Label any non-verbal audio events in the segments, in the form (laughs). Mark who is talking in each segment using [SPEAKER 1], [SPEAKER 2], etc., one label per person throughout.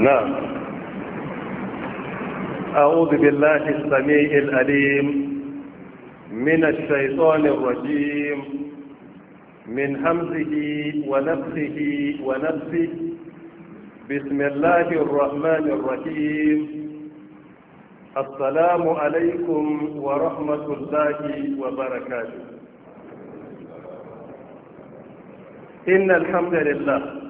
[SPEAKER 1] نعم أعوذ بالله السميع الأليم من الشيطان الرجيم من همزه ونفسه ونفسه بسم الله الرحمن الرحيم السلام عليكم ورحمة الله وبركاته إن الحمد لله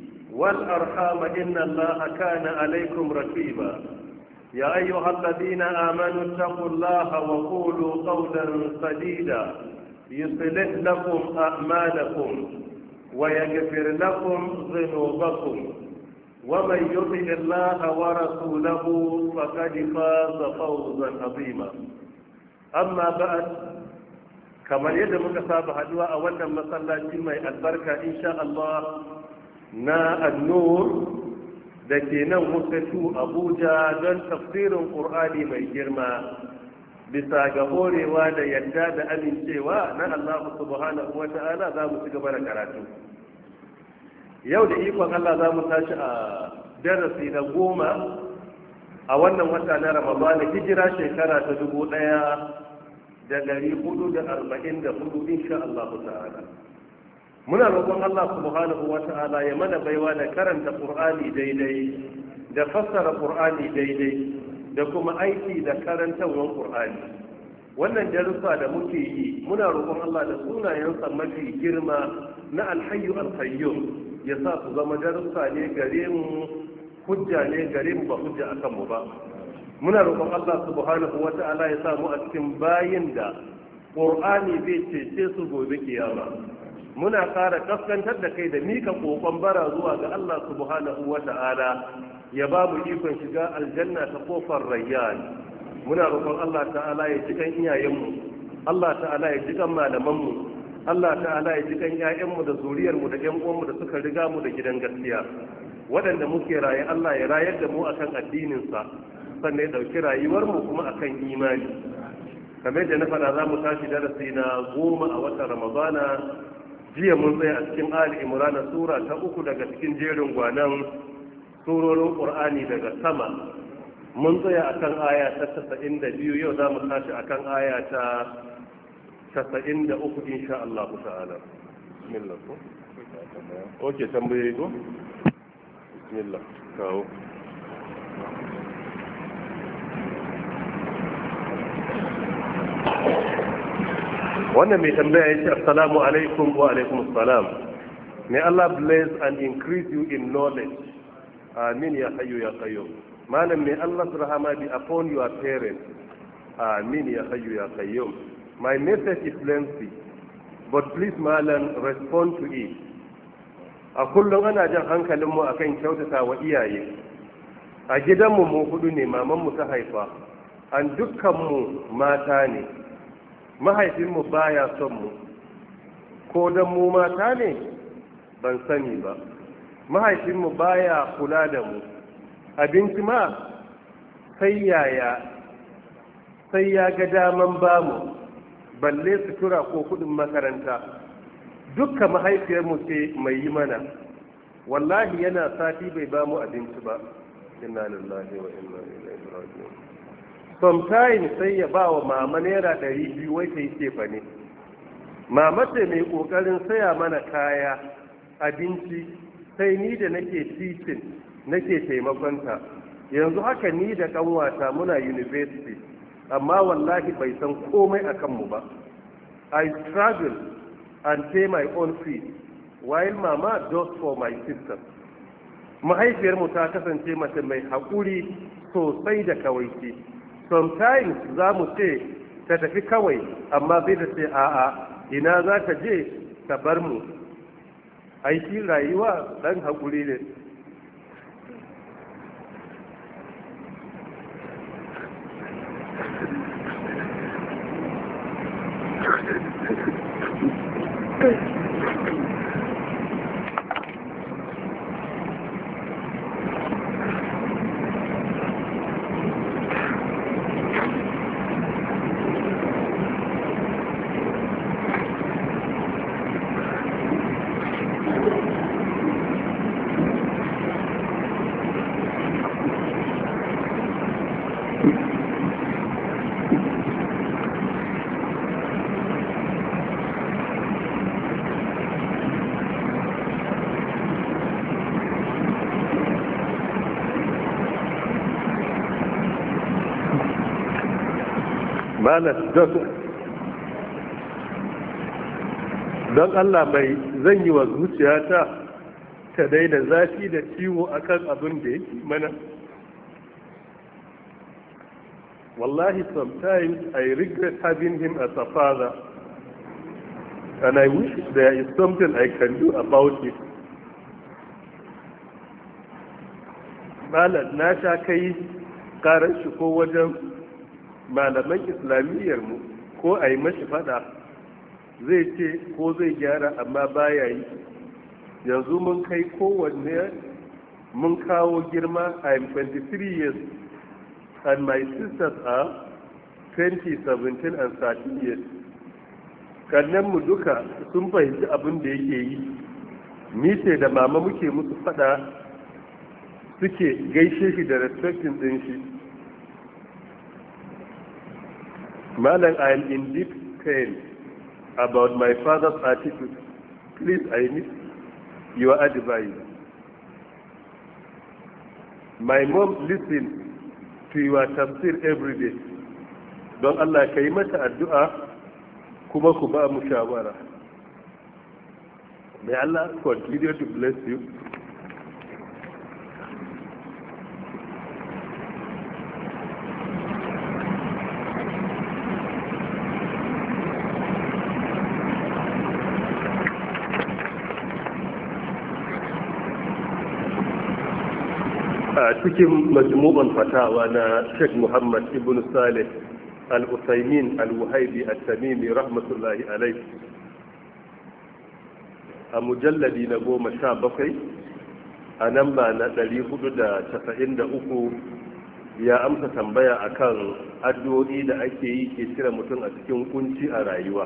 [SPEAKER 1] والأرحام إن الله كان عليكم رقيبا يا أيها الذين آمنوا اتقوا الله وقولوا قولا سديدا يصلح لكم أعمالكم ويغفر لكم ذنوبكم ومن يطع الله ورسوله فقد فاز فوزا عظيما أما بعد كما yadda صاحب هدوء أولا a جمعي البركة إن شاء الله na annur da ke nan hukatu abuja don tafsirin ƙur'ani mai girma bisa ga horewa da yadda da amincewa na allahu subhanahu wa ta'ala za mu ci gaba da karatu yau da ikon allah za mu tashi a darasi na goma a wannan wata na ramadana hijira shekara ta dubu ɗaya da ɗari hudu da arba'in da hudu insha allahu ta'ala muna roƙon Allah subhanahu wa ta'ala ya mana baiwa da karanta Qur'ani daidai da fassara Qur'ani daidai da kuma aiki da karantawan Qur'ani wannan darussa da muke yi muna roƙon Allah da sunayensa mafi girma na alhayyu alqayyum ya sa su zama darussa ne gare mu hujja ne gare mu ba hujja akan mu ba muna roƙon Allah subhanahu wa ta'ala ya sa mu a cikin bayin da Qur'ani zai cece su gobe kiyama muna ƙara kaskantar da kai da mika kokon bara zuwa ga Allah subhanahu wa ta'ala ya ba mu ikon shiga aljanna ta kofar rayyan muna roƙon Allah ta'ala ya jikan iyayenmu Allah ta'ala ya jikan malamanmu Allah ta'ala ya jikan ƴaƴanmu da zuriyarmu da ƴan uwanmu da suka riga mu da gidan gaskiya waɗanda muke raye Allah ya rayar da mu akan addinin sa sannan ya ɗauki rayuwarmu kuma akan imani kamar da na faɗa za mu tashi darasi na goma a watan ramadana jiya mun tsaye a cikin ali imran sura ta uku daga cikin jerin gwanan surorin qur'ani daga sama mun tsaya akan aya ta 92 yau za mu tashi akan aya ta 93 insha Allah ta'ala bismillah ko okay tambaye ko bismillah kawo wannan mai tambaya ya ce assalamu alaikum wa alaikum assalam may Allah bless and increase you in knowledge amin ya hayyu ya qayyum malam may Allah rahama bi upon your parents amin ya hayyu ya qayyum my message is lengthy but please malam respond to it a kullum ana jan hankalinmu akan kyautata wa iyaye a gidanmu mu hudu ne mamanmu ta haifa an dukkanmu mata ne mahaifinmu baya son mu ko don mu mata ne ban sani ba mahaifinmu baya kula da mu abinci ma sai yaya sai ya ga daman bamu balle sutura ko kudin makaranta Dukka mahaifiyarmu ce mai yi mana wallahi yana sati bai bamu abinci ba inna lillahi wa inna ilaihi raji'un sometimes sai ya ba wa mama naira ɗari biyu wai ta yi kefa ne mama ce mai ƙoƙarin saya mana kaya abinci sai ni da nake titin nake taimakonta yanzu haka ni da ƙanwata muna university amma wallahi bai san komai a kanmu ba i struggle and pay my own fees while mama does for my sister mahaifiyarmu ta kasance mace mai haƙuri sosai da kawaici sometimes za mu ce ta tafi kawai amma zai da ce a'a ina za ta je ta bar mu aiki rayuwa dan haƙuri ne malar don allah mai zan yi wa zuciyata ta daina zafi da ciwo akan abin da yake mana wallahi sometimes i regret having him as a father and i wish there is something i can do about it Malam na sha kai karar shi ko wajen malaman islamiyyarmu ko a yi mashi fada zai ce ko zai gyara amma baya yi yanzu mun kai kowanne mun kawo girma i am 23 years and my sisters are 20, 17 and 13 years mu duka sun fahimci abin da yake yi ni da mama muke musu fada suke gaishe shi da respectin ɗin shi malam I am in deep pain about my father's attitude. Please, I need your advice. My mom listens to your tafsir every day. Don Allah ka yi mata addu'a kuma ku ba mu shawara. May Allah continue to bless you. cikin majmu'an fatawa na Sheikh Muhammad Ibn Salih Al-Usaimin Al-Wahibi Al-Tamimi rahmatullahi alayhi a mujalladi na goma sha bakwai a nan ba na ɗari hudu da casa'in da uku ya amsa tambaya akan addu'o'i da ake yi ke cire mutum a cikin kunci a rayuwa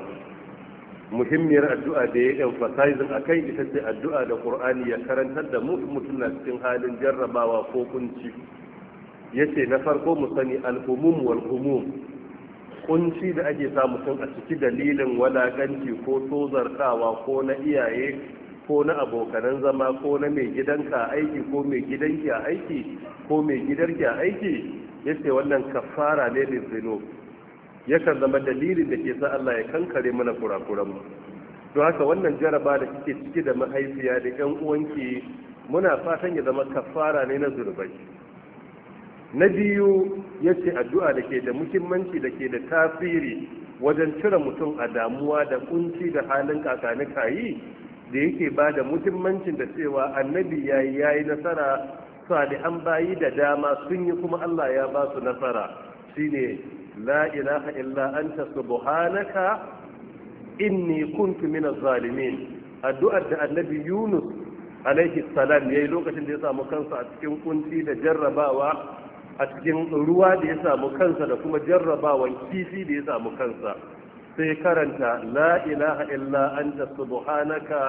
[SPEAKER 1] muhimmiyar addu'a da ya emphasizing a kai ita ce addu'a da ƙur'ani ya karantar da mu mutum na cikin halin jarrabawa ko kunci ya ce na farko mu sani al'umum wal humum kunci da ake sa mutum a ciki dalilin walakanci ko tozartawa ko na iyaye ko na abokanan zama ko na mai gidanka a aiki ko mai gidanki a aiki ko mai gidarki a aiki ya ce wannan kafara ne da zinobi yakan zama dalilin da ke sa Allah ya kankare mana kurakuran mu to haka wannan jaraba da kike ciki da mahaifiya da ƴan uwanki muna fatan ya zama kafara ne na zurbai na biyu yace addu'a da ke da muhimmanci da ke da tasiri wajen cire mutum a damuwa da kunci da halin kakani kayi da yake ba da muhimmancin da cewa annabi yayi yayi nasara salihan bayi da dama sun yi kuma Allah ya ba su nasara shine la ilaha illa anta subhanaka inni kuntu min zalimin addu'ar da annabi yunus alaihi salam yayi lokacin da ya samu kansa a cikin kunti da jarrabawa a cikin ruwa da ya samu kansa da kuma jarrabawan kifi da ya samu kansa sai karanta la ilaha illa anta subhanaka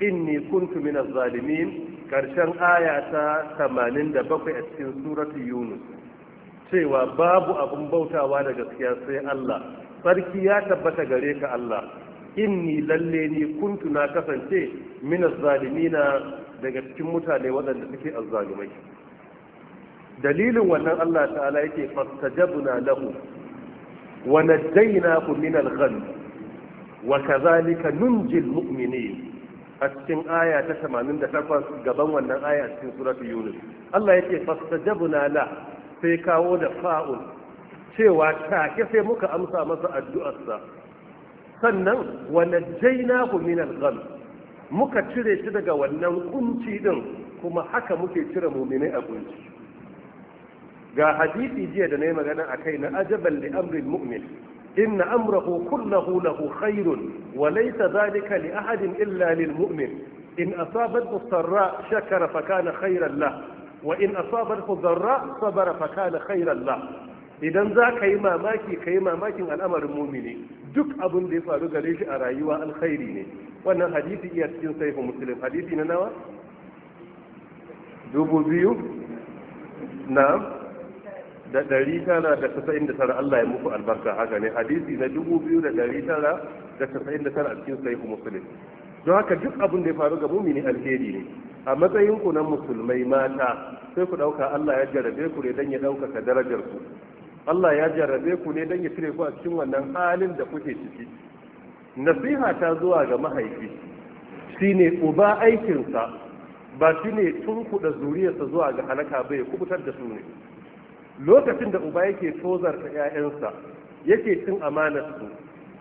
[SPEAKER 1] inni kuntu min zalimin karshen aya ta 87 a cikin suratu yunus cewa babu abin bautawa da gaskiya sai Allah sarki ya tabbata gare ka Allah inni lalle ni kuntu na kasance min azzalimina daga cikin mutane waɗanda suke azzalumai dalilin wannan Allah ta'ala yake fastajabna lahu wa najaynahu min al ghamm wa kadhalika nunji al-mu'minin a cikin aya ta 88 gaban wannan aya cikin suratul yunus Allah yake fastajabna lahu sai kawo da fa'ul cewa take sai muka amsa masa addu'arsa sannan wanda jaina min al muka cire shi daga wannan kunci din kuma haka muke cire muminai a kunci ga hadisi jiya da na yi magana a kai na ajaban li amrin mu'min inna amrahu kullahu lahu khairun wa laysa zalika li ahadin illa lil mu'min in asabat sarra shakara fa kana khairan lahu wa in asabathu dharra sabara fa kana khairan la idan za ka yi mamaki ka yi mamakin al'amarin mumini duk abin da ya faru gare shi a rayuwa alkhairi ne wannan hadisi iya cikin saifu muslim hadisi na nawa dubu biyu na da ɗari tara da tasa'in da tara Allah ya muku albarka haka ne hadisi na dubu biyu da ɗari tara da tasa'in da tara a cikin saifu muslim don haka duk abin da ya faru ga mumini alheri ne a matsayin ku na musulmai mata sai ku dauka Allah ya jarrabe ku ne dan ya ɗaukaka darajar ku Allah ya jarrabe ku ne dan ya cire ku a cikin wannan halin da kuke ciki nasiha ta zuwa ga mahaifi shine uba aikinsa ba shine tun da zuriyarsa zuwa ga halaka bai kubutar da su ne lokacin da uba yake tozarta 'ya'yansa yake cin amanarsu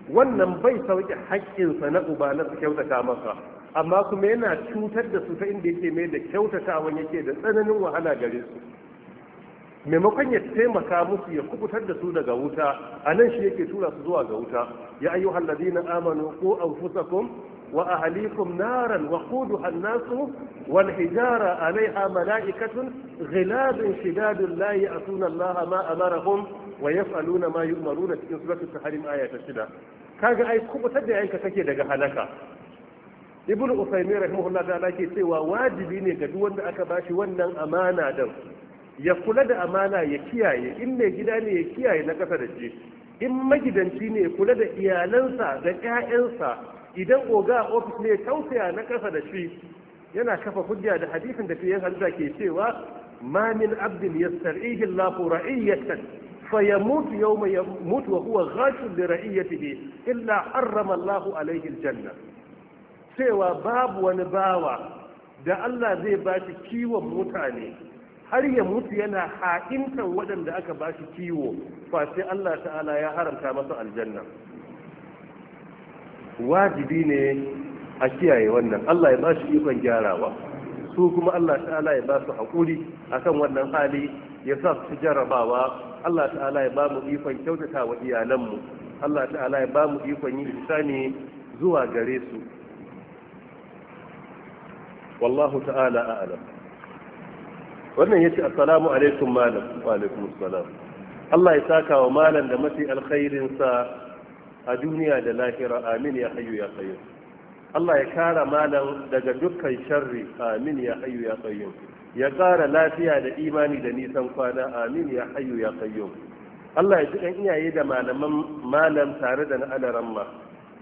[SPEAKER 1] wannan bai sauke haƙƙinsa na uba na su kyautata masa amma kuma yana cutar da su ta inda yake mai da kyautatawan yake da tsananin wahala gare su maimakon ya taimaka musu ya kubutar da su daga wuta a nan shi yake tura su zuwa ga wuta ya ayyu halladina amanu ko anfusakum wa ahlikum naran wa quduha an-nasu wal hijara alaiha malaikatun ghiladun shidadun a sunan laha ma amarahum wa yaf'aluna ma na cikin suratul tahrim aya ta shida kaga ai kubutar da yanka take daga halaka ibn usaimin rahimahullah ta'ala ke cewa wajibi ne ga duk wanda aka shi wannan amana dan ya kula da amana ya kiyaye in mai gida ne ya kiyaye na kasa da shi in magidanci ne kula da iyalansa da ƴaƴansa idan oga ofis ne tausaya na kasa da shi yana kafa hujja da hadisin da fiye halitta ke cewa ma min abdin yastar'ihi Allah ra'iyatan فيموت wa يموت وهو غاش لرعيته إلا حرم الله عليه janna. cewa babu wani bawa da Allah zai ba shi kiwon mutane har ya mutu yana ha'intan waɗanda aka ba shi kiwo sai Allah ta'ala ya haramta masa aljanna wajibi ne a kiyaye wannan Allah ya ba shi ikon gyarawa su kuma Allah ta'ala ya ba su haƙuri kan wannan hali ya sa su jarabawa Allah ta'ala ya ba mu ikon kyautata wa iyalanmu Allah ta'ala ya ba mu ikon yin isani zuwa gare su wallahu ta'ala a'lam wannan yace assalamu alaikum malam wa alaikum assalam Allah ya saka wa malam da mafi alkhairin sa a duniya da lahira amin ya hayyu ya qayyum Allah ya kara malam daga dukkan sharri amin ya hayyu ya qayyum ya kara lafiya da imani da nisan kwana amin ya hayyu ya qayyum Allah ya ji kan iyaye da malaman malam tare da na alaramma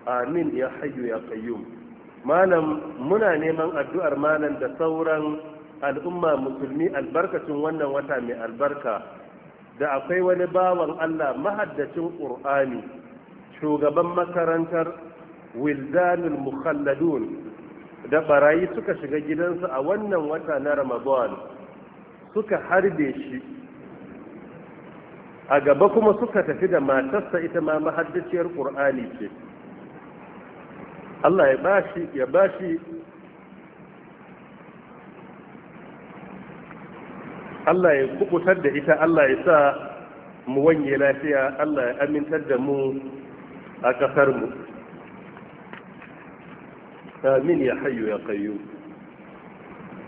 [SPEAKER 1] amin ya hayyu ya qayyum malam muna neman addu'ar malam da sauran al'umma musulmi albarkacin wannan wata mai albarka da akwai wani bawan Allah mahaddacin ƙur'ani shugaban makarantar wildanul mukhalladun da barayi suka shiga gidansa a wannan wata na ramadan suka harbe shi a gaba kuma suka tafi da matarsa ita ma mahaddaciyar ƙur'ani ce Allah ya bashi ya bashi Allah ya kubutar da ita Allah ya sa mu wanye lafiya Allah ya amintar da mu a ƙasar mu amin ya hayyu ya qayyu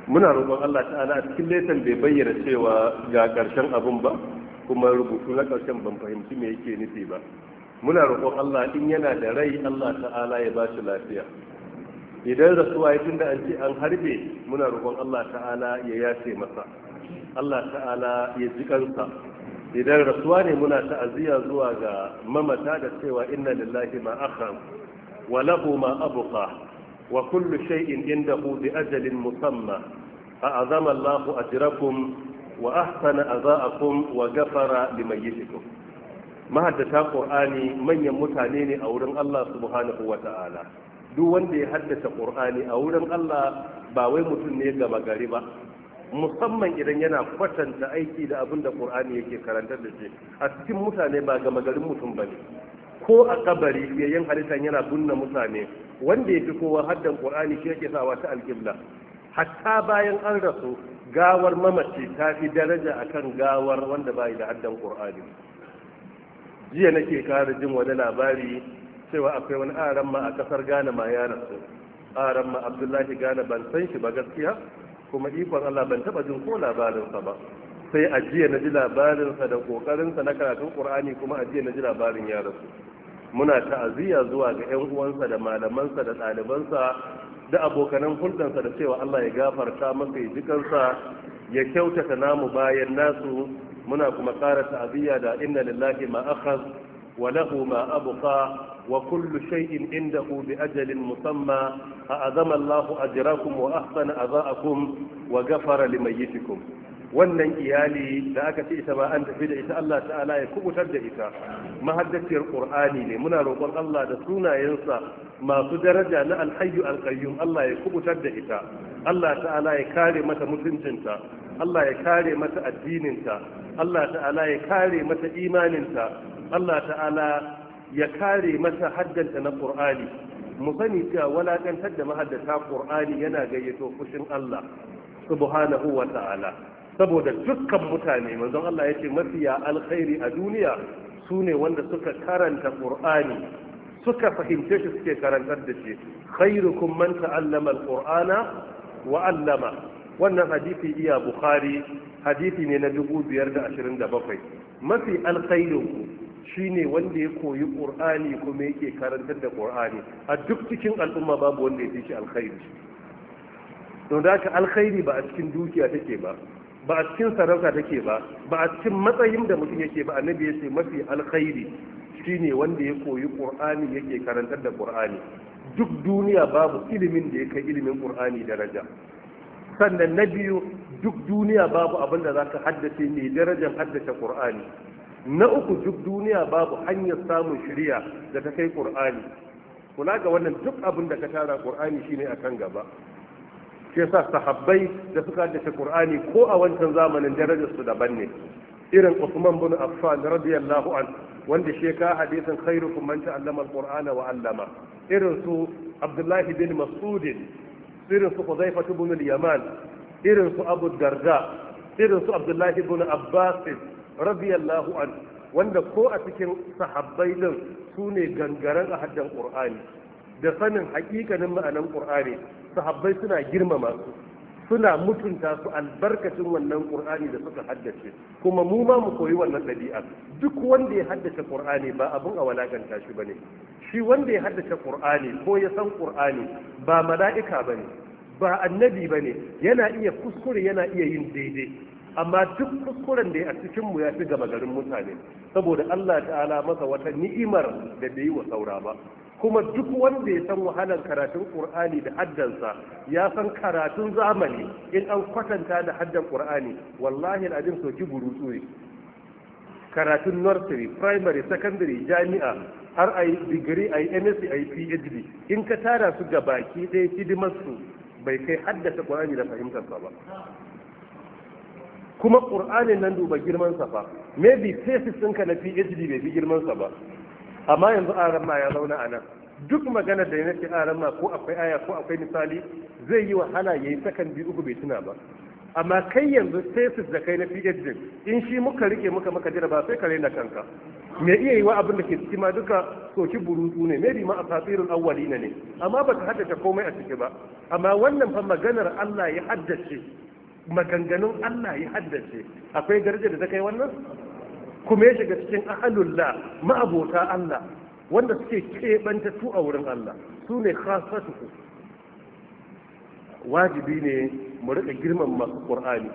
[SPEAKER 1] muna roƙon Allah ta'ala a cikin letan bai bayyana cewa ga ƙarshen abun ba kuma rubutu na ƙarshen ban fahimci me yake nufi ba muna roƙon Allah in yana da rai Allah ta'ala ya ba shi lafiya idan rasuwa ya tunda an ce an harbe muna roƙon Allah ta'ala ya yace masa Allah ta'ala ya ji kansa idan rasuwa ne muna ta'aziyya zuwa ga mamata da cewa inna lillahi ma akham wa lahu ma abqa wa kullu shay'in indahu bi ajalin musamma azama Allahu ajrakum wa ahsana azaakum wa ghafara limayyitikum mahaddata ƙur'ani manyan mutane ne a wurin Allah subhanahu Ta'ala. duk wanda ya haddasa qur'ani a wurin Allah ba wai mutum ne gaba gari ba musamman idan yana kwatanta aiki da abin da qur'ani yake karantar da shi a cikin mutane ba gama garin mutum bane ko a kabari yayin halittar yana gunna mutane wanda ya fi kowa haddan qur'ani shi yake sawa ta alƙibla hatta bayan an rasu gawar mamaci ta fi daraja akan gawar wanda bai da haddan qur'ani jiya nake kara jin wani labari cewa akwai wani aran ma a kasar Ghana ma ya rasu aran ma Abdullahi Ghana ban san shi ba gaskiya kuma ikon Allah ban taba jin ko labarin ba sai a jiya na ji labarin da kokarin na karatun Qur'ani kuma a jiya na ji labarin ya rasu muna ta'aziyya zuwa ga 'yan uwansa da malamansa da ɗalibansa da abokanan hulɗansa da cewa Allah ya gafarta masa ya jikansa ya kyautata namu bayan nasu muna kuma ƙara ta'aziyya da inna lillahi ma akhaz wa lahu ma abqa wa kullu shay'in indahu bi ajalin musamma a Allahu ajrakum wa ahsana adha'akum wa ghafara limayyitikum wannan iyali da aka ce ita ba an tafi da ita Allah ta'ala ya kubutar da ita mahaddaciyar qur'ani ne muna roƙon Allah da sunayensa masu daraja na alhayyu alqayyum Allah ya kubutar da ita Allah ta'ala ya kare mata mutuncinta Allah ya kare mata addininta Allah ta'ala ya kare mata imaninta Allah ta'ala ya kare mata haddanta na ƙur'ani. mu sani cewa walaƙantar da mahaddata ƙur'ani yana gayyato fushin Allah subhanahu wa ta'ala saboda dukkan mutane manzon Allah ce mafiya alkhairi a duniya sune wanda suka karanta ƙur'ani, suka fahimce shi suke karantar da shi khairukum man ta'allama alqur'ana wa 'allama wannan hadisi iya bukhari hadisi ne na 527 mafi alkhairin ku shine wanda ya koyi qur'ani kuma yake karantar da qur'ani a duk cikin al'umma babu wanda ya fi shi alkhairi don da haka alkhairi ba a cikin dukiya take ba ba a cikin sarauta take ba ba a cikin matsayin da mutum yake ba annabi ya ce mafi alkhairi shine wanda ya koyi qur'ani yake karantar da qur'ani duk duniya babu ilimin da ya kai ilimin qur'ani daraja sannan na biyu duk duniya babu abin da za ka haddace mai darajar haddace ƙur'ani na uku duk duniya babu hanyar samun shirya da ta kai ƙur'ani kula ga wannan duk abin da ka tara ƙur'ani shine a kan gaba shi yasa sahabbai da suka haddace ƙur'ani ko a wancan zamanin darajar su daban ne irin Usman bin Affan radiyallahu an wanda shi ka hadisin khairukum man ta'allama al-Qur'ana wa 'allama irin su Abdullahi bin Mas'ud irin su bin al-Yaman irin su abu darda irin su abdullahi ibn abbas radiyallahu an wanda ko a cikin sahabbai din su ne gangaren a haddan qur'ani da sanin hakikanin ma'anan qur'ani sahabbai suna girmama su suna mutunta su albarkacin wannan qur'ani da suka haddace kuma mu ma mu koyi wannan ɗabi'a duk wanda ya haddace qur'ani ba abun a walakanta shi bane shi wanda ya haddace qur'ani ko ya san qur'ani ba mala'ika bane ba annabi ba ne yana iya kuskure yana iya yin daidai amma duk kuskuren da ya a cikinmu ya fi gama garin mutane saboda Allah ta'ala masa wata ni'imar da bai yi wa saura ba kuma duk wanda ya san wahalar karatun qur'ani da haddansa ya san karatun zamani in an kwatanta da haddan qur'ani wallahi so ki burutsu ne karatun nursery primary secondary jami'a har ai Degree ai msc ai phd in ka tara su ga baki hidimar su. bai kai haddasa ƙwararri da fahimtar ba kuma ƙur'ani nan duba girmansa ba fa maybe thesis ka na PhD bai fi girmansa ba amma yanzu aran ma ya zauna a nan duk maganar da ya nace aran ma ko akwai aya ko akwai misali zai yi wahala ya yi sakan biyu uku bai tuna ba amma kai yanzu thesis da kai na PhD in shi muka rike muka maka ba sai ka na kanka me iya yi wa abin da ke ciki ma duka soki burutu ne maybe ma asatirul awwalina ne amma ba baka haddace komai a ciki ba amma wannan fa maganar Allah ya haddace maganganun Allah ya haddace akwai darajar da ta kai wannan kuma ya shiga cikin ahalullah ma'abota Allah wanda suke keɓanta su a wurin Allah su ne khasatu wajibi ne mu rika girman masu qur'ani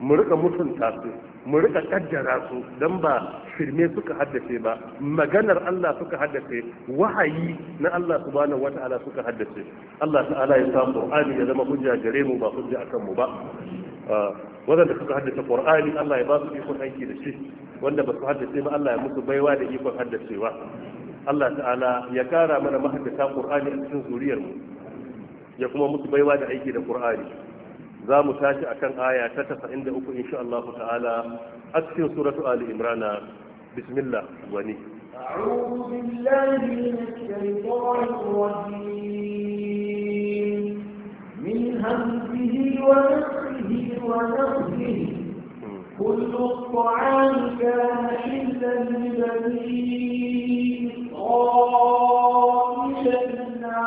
[SPEAKER 1] mu rika mutunta su mu rika kaddara su dan ba firme suka haddace ba maganar Allah suka haddace wahayi na Allah subhanahu wata'ala suka haddace Allah ta'ala ya sa qur'ani ya zama hujja gare mu ba hujja akan mu ba ah, wadanda suka haddace qur'ani Allah ya ba su ikon aiki da shi wanda ba su haddace ba Allah ya musu baiwa da ikon haddacewa Allah ta'ala ya kara mana mahaddata qur'ani a cikin zuriyar mu ya kuma musu baiwa da aiki da qur'ani za mu tashi akan aya ta 93 insha Allah ta'ala a cikin suratu ali imran bismillah wani
[SPEAKER 2] أعوذ بالله من الشيطان الرجيم من همزه ونفسه ونفسه كل الطعام كان حلا لبني إسرائيل إلا ما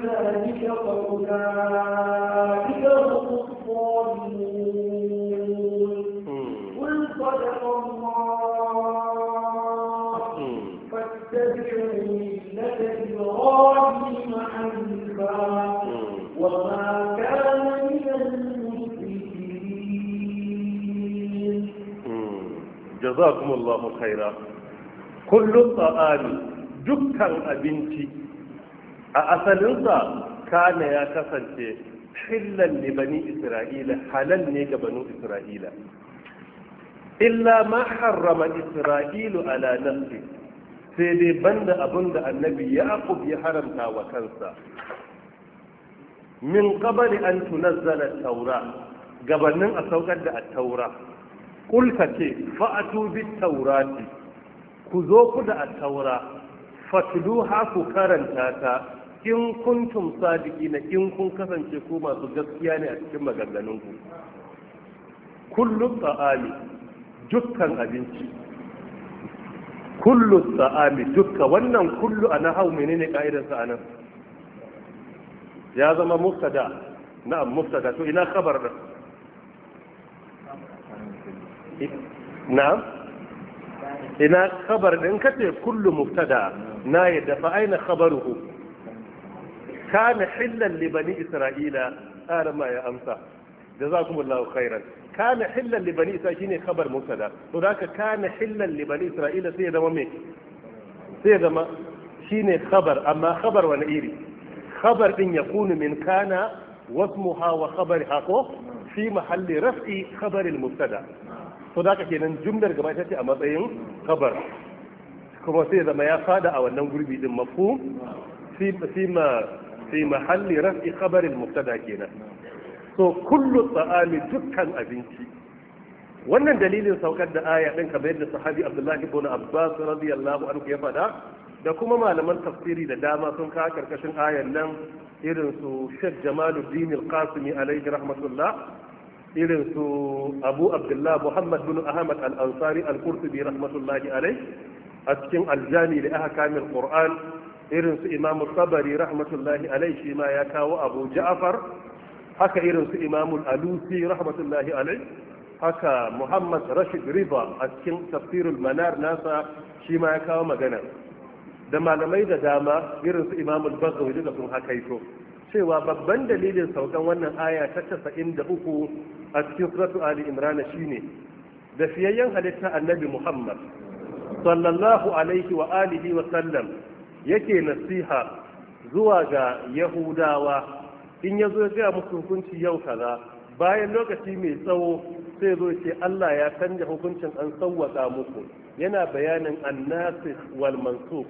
[SPEAKER 2] ذلك فأولئك هم الظالمون قل صدق الله فاتبعوا ملة إبراهيم حنيفا وما كان من المشركين
[SPEAKER 1] جزاكم الله خيرا كل الطعام دكان abinci a asalinsa kana ya kasance hillan ne bani isra'ila halal ne ga banu isra'ila illa ma harrama isra'ilu ala nafsi sai dai banda abin da annabi ya ya haramta wa kansa min qabli an tunazzala taura gabanin a saukar da at-taura qul ce fa'atu bi taurati ku zo ku da taura fatluha ku karanta ta in kuntum na in kun kasance ku masu gaskiya ne a cikin maganganunku kullu ta'ami dukkan abinci kullu ta'ami dukkan wannan kullu ana hau menene ka'idar sa anan ya zama muftada na'am mubtada to ina khabar da na'am ina khabar din kace kullu muftada na yadda fa aina khabaruhu kana hillan li bani isra'ila arama ya amsa jazakumullahu khairan kana hillan li bani isra'ila shine khabar mubtada to da ka kana hillan li bani isra'ila sai zama me sai zama shine khabar amma khabar wani iri khabar din yakunu min kana wasmuha wa khabariha hako fi mahalli raf'i khabar al-mubtada to da ka kenan jumlar gaba ta ce a matsayin khabar kuma sai zama ya fada a wannan gurbi din mafhum fi ma fi mahalli raf'i khabarin mubtada kenan so kullu ta'ami dukkan abinci wannan dalilin saukar da aya ɗin kamar yadda sahabi Abdullahi ibn Abbas radiyallahu anhu ya faɗa, da kuma malaman tafsiri da dama sun kawo karkashin ayan nan irin su Sheikh Jamaluddin Al-Qasimi alayhi rahmatullah irin su abu abdullah muhammad bin ahmad al-ansari al-qurtubi rahmatullahi alai a cikin aljami da aka kamil qur'an irin su imamu sabari rahmatullahi alai shi ma ya kawo abu ja'afar haka irin su imamu alusi rahmatullahi alai haka muhammad rashid riba a cikin tafsirul manar nasa shi ma ya kawo magana da malamai da dama irin su imamu bazawi da sun haka ito cewa babban dalilin saukan wannan aya ta casa'in da uku a cikin suratu ali imrana shine da fiyayyen halitta annabi muhammad sallallahu alaihi wa alihi wa sallam yake nasiha zuwa ga yahudawa in ya zo gaya musu hukunci yau kaza bayan lokaci mai tsawo sai zo ce Allah ya canja hukuncin an sawwaka muku yana bayanin annasis wal mansukh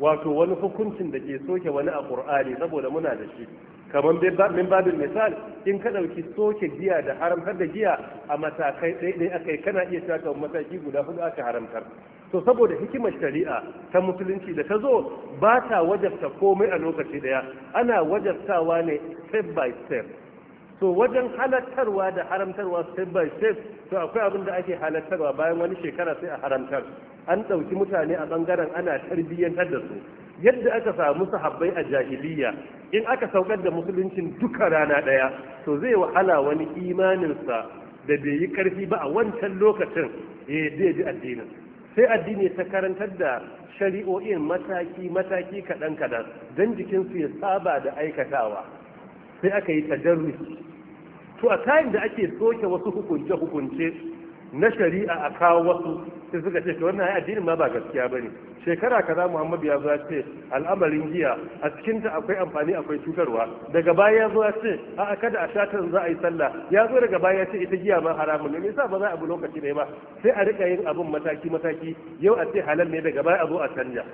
[SPEAKER 1] wato wani hukuncin da ke soke wani a Qur'ani saboda muna da shi kamar min babin misal in ka ɗauki soke giya da haramtar da giya a matakai ɗaya-ɗaya ɗaya akai kana iya taka mataki guda hudu aka haramtar to saboda hikimar shari'a ta musulunci da ta zo ba ta wajarta komai a lokaci daya ana wajabtawa ne step by step to wajen halattarwa da haramtarwa step by step to akwai abin da ake halattarwa bayan wani shekara sai a haramtar an ɗauki mutane a ɓangaren ana tarbiyyantar da su yadda aka samu sahabbai a jahiliya in aka saukar da musuluncin duka rana ɗaya to zai wahala wani imaninsa da bai yi ƙarfi ba a wancan lokacin ya eh, daidai addinin sai addini ta karantar da shari'o'in mataki mataki kaɗan kaɗan don jikinsu ya saba da aikatawa sai aka yi tadarruki to a tayin da ake soke wasu hukunce hukunce na shari'a a kawo wasu sai suka ce to wannan addinin ma ba gaskiya bane shekara kaza Muhammadu ya zo ya ce al'amarin giya a cikin ta akwai amfani akwai cutarwa daga baya ya zo ya ce a kada a sha za a yi sallah ya zo daga baya ya ce ita giya ma haramun ne me yasa ba za a bi lokaci ne ba sai a rika yin abun mataki mataki yau a ce halal ne daga baya a zo a canja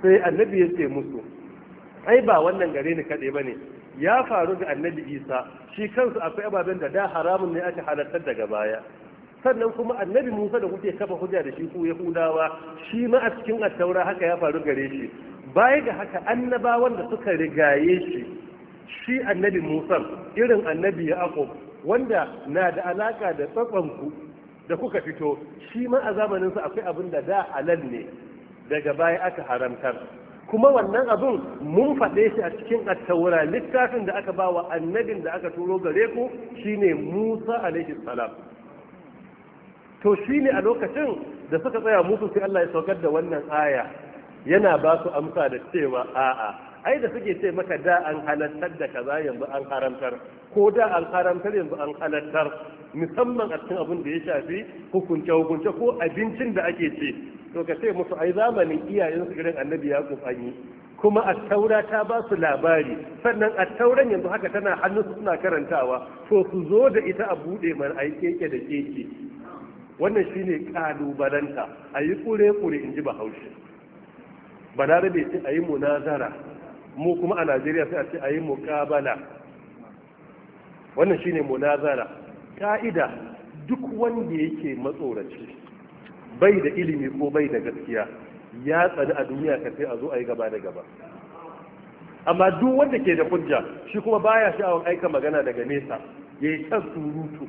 [SPEAKER 1] sai annabi ya ce musu ai ba wannan gare ni kaɗai ba ne ya faru da annabi isa shi kansu akwai ababen da da haramun ne aka halartar daga baya sannan kuma annabi Musa da kuke kafa hujja da shi ku Yahudawa shi ma a cikin attaura haka ya faru gare shi baya ga haka annabawan da suka rigaye shi shi annabi Musa irin annabi Yaqub wanda na da alaka da ku da kuka fito shi ma a zamanin sa akwai abin da da alal ne daga baya aka haramtar kuma wannan abin mun faɗe shi a cikin attaura littafin da aka ba wa annabin da aka turo gare ku shine Musa alaihi salam to shi ne a lokacin da suka tsaya musu sai Allah ya saukar da wannan aya yana ba su amsa da cewa a'a ai da suke ce maka da an halartar da kaza yanzu an haramtar ko da an haramtar yanzu an halartar musamman a cikin abin da ya shafi hukunce hukunce ko abincin da ake ce to ka ce musu ai zamanin iyayen su irin annabi ya an yi kuma attaura ta ba su labari sannan tauran yanzu haka tana hannunsu suna karantawa to su zo da ita a buɗe mana ai keke da keke wannan shine kalubalanta a yi kure-kure in ji bahaushe balarabe ce a yi munazara mu kuma a najeriya sai a ce a yi muƙabala wannan shine munazara ka'ida duk wanda yake matsoraci bai da ilimi ko bai da gaskiya ya tsani a duniya ka sai a zo a yi gaba da gaba amma duk wanda ke da hujja shi kuma baya sha'awar aika magana daga nesa ya yi can surutu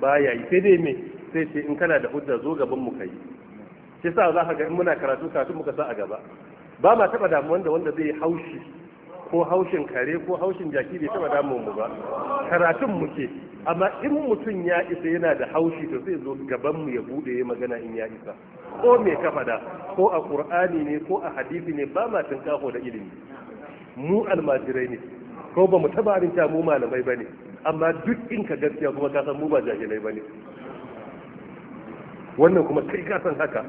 [SPEAKER 1] baya yi sai dai me sai ce in kana da hujja zo gaban mu kai shi sa za ka ga in muna karatu kafin muka sa a gaba ba ma taba damuwa da wanda zai haushi ko haushin kare ko haushin jaki bai taba damu mu ba karatun mu ke amma in mutum ya isa yana da haushi to sai zo gaban mu ya bude ya magana in ya isa ko me ka fada ko a qur'ani ne ko a hadisi ne ba ma tunkaho da ilimi mu almajirai ne ko ba mu taba rinta mu malamai bane amma duk in ka gaskiya kuma ka san mu ba jahilai bane wannan kuma kai ka san haka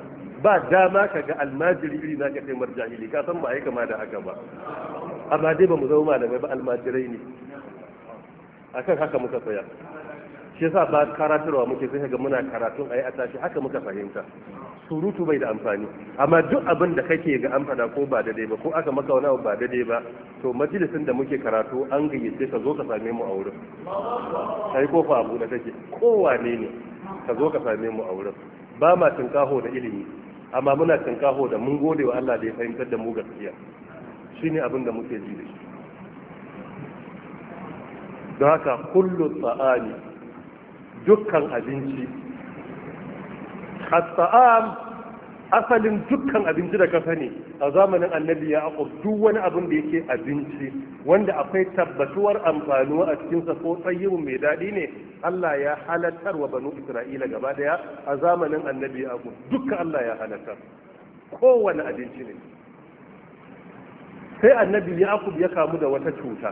[SPEAKER 1] ba dama ka ga almajiri iri na kai marjahili ka san ba ai kama da haka ba amma dai ba mu zama malamai ba almajirai ne akan haka muka tsaya shi yasa ba karatarwa muke sai ga muna karatun ayi a tashi haka muka fahimta surutu bai da amfani amma duk abin da kake ga an fada ko ba daidai ba ko aka maka wani ba daidai ba to majalisin da muke karatu an gayyace ka zo ka same mu a wurin kai fa abu da kowa ne ne ka zo ka same mu a wurin ba ma tinkaho da ilimi amma muna tinkaho da mun gode wa Allah da ya fahimtar da mu gaskiya shine abin da muke ji da shi don haka kullu tsa'ani dukkan abinci as-sa'am asalin dukkan abinci da kasa ne a zamanin annabi ya aku duk wani abin da yake abinci wanda akwai tabbatuwar amfani a cikinsa ko tsayin mai daɗi ne Allah ya halattar wa banu Isra'ila gaba daya a zamanin annabi ya aku dukkan Allah ya halattar kowane abinci ne sai annabi ya aku ya kamu da wata cuta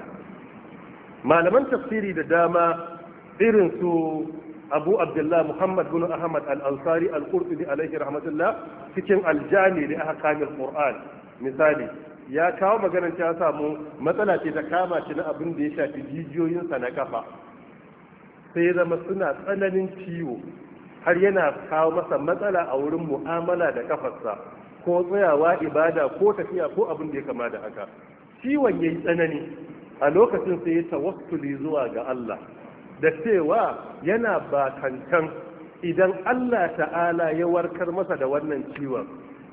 [SPEAKER 1] malaman tafsiri da dama irin su abu abdullah muhammad bin ahmad al-ansari al-qurtubi alaihi rahmatullah cikin aljami da aka kamil qur'an misali ya kawo magana ta samu matsala ce ta kama shi na abin da ya shafi jijiyoyinsa na kafa sai ya zama suna tsananin ciwo har yana kawo masa matsala a wurin mu'amala da kafarsa ko tsayawa ibada ko tafiya ko abin da ya kama da haka ciwon yayi tsanani a lokacin sai ya tawakkuli zuwa ga Allah da cewa yana bakantan idan Allah ta'ala ya warkar masa da wannan ciwon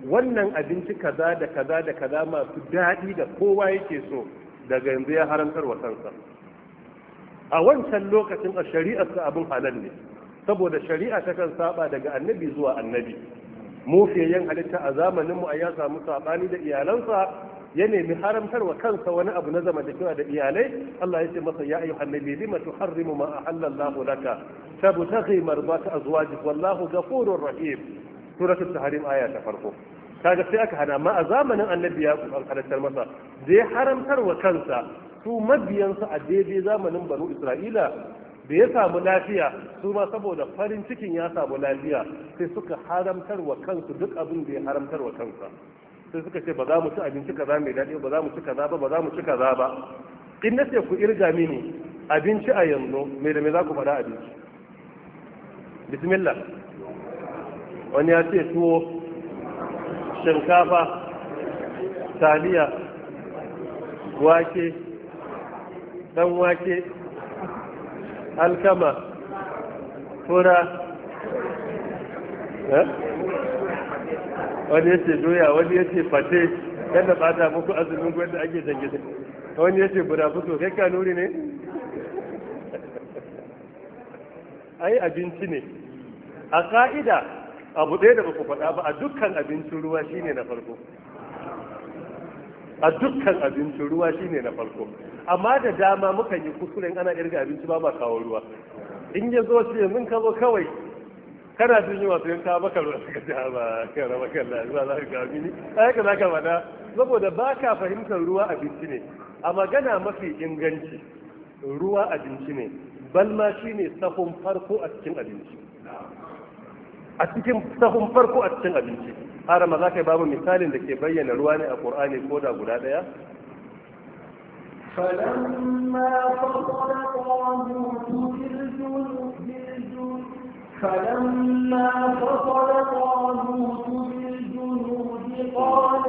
[SPEAKER 1] wannan abinci kaza da kaza da kaza masu daɗi da kowa yake so daga yanzu ya haramtar wa kansa a wancan lokacin a shari'ar shari'arsa abin halal ne saboda shari'a ta kan saba daga annabi zuwa annabi mu fiye yin halitta a zamaninmu a ya samu sabani da iyalansa ya nemi haramtarwa kansa wani abu na zama da iyalai Allah ya ce masa ya ayyuha annabi lima tuharrimu ma ahallallahu laka tabtaghi marbata azwajik wallahu ghafurur rahim suratul tahrim aya ta farko kaga sai aka hana ma a zamanin annabi ya kuma masa da ya haramtarwa kansa su mabiyansa a daidai zamanin banu isra'ila da ya samu lafiya su ma saboda farin cikin ya samu lafiya sai suka haramtarwa kansu duk abin da ya haramtarwa kansa sai suka ce ba za mu ci abinci kaza mai daɗi ba za mu ci kaza ba ba za mu ci kaza ba in na ce ku irga mini abinci a yanzu mai da mai za ku faɗa abinci bismillah wani ya ce tuwo shinkafa taliya wake ɗan wake alkama fura eh? wani yace doya wani yace fate ba ta muku azumin ku ake zange zange wani yace fito kai ka nuri ne ai abinci ne a ka'ida abu ɗaya da baku faɗa ba a dukkan abincin ruwa shine na farko a dukkan abincin ruwa shine na farko amma da dama muka yi kusurin ana irga abinci ba ma kawo ruwa in ya zo ce mun ka zo kawai kana jin yunwa sai ka baka ruwa suka ji ah, ba ka raba kalla ba za ka mini ai ka zaka saboda ba ka fahimtar ruwa abinci ne a magana mafi inganci ruwa abinci ne balma ne sahun farko a cikin abinci a cikin sahun farko a cikin abinci harama za ka babu misalin da ke bayyana ruwa ne a ƙur'ani ko da guda ɗaya
[SPEAKER 2] فلما فصل طالوت بالجنود فلما فصل طالوت بالجنود قال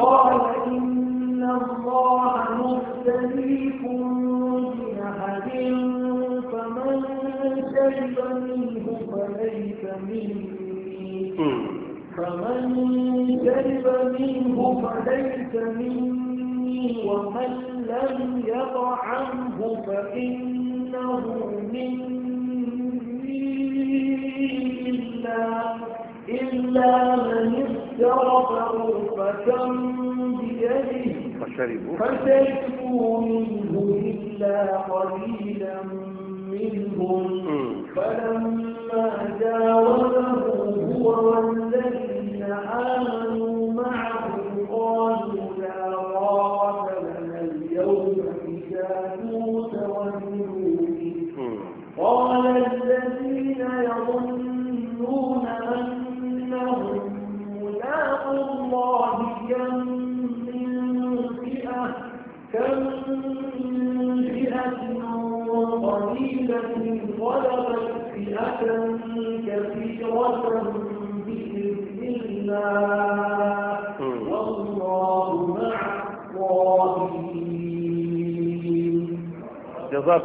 [SPEAKER 2] قال إن الله مبتليكم بنهر فمن شرب منه فليس مني فمن شرب منه فليس مني ومن لم يطعمه فإنه مني شاء إلا من استرفه فكم بيده
[SPEAKER 3] فشربوا
[SPEAKER 2] منه إلا قليلا منهم فلما جاوزه هو والذين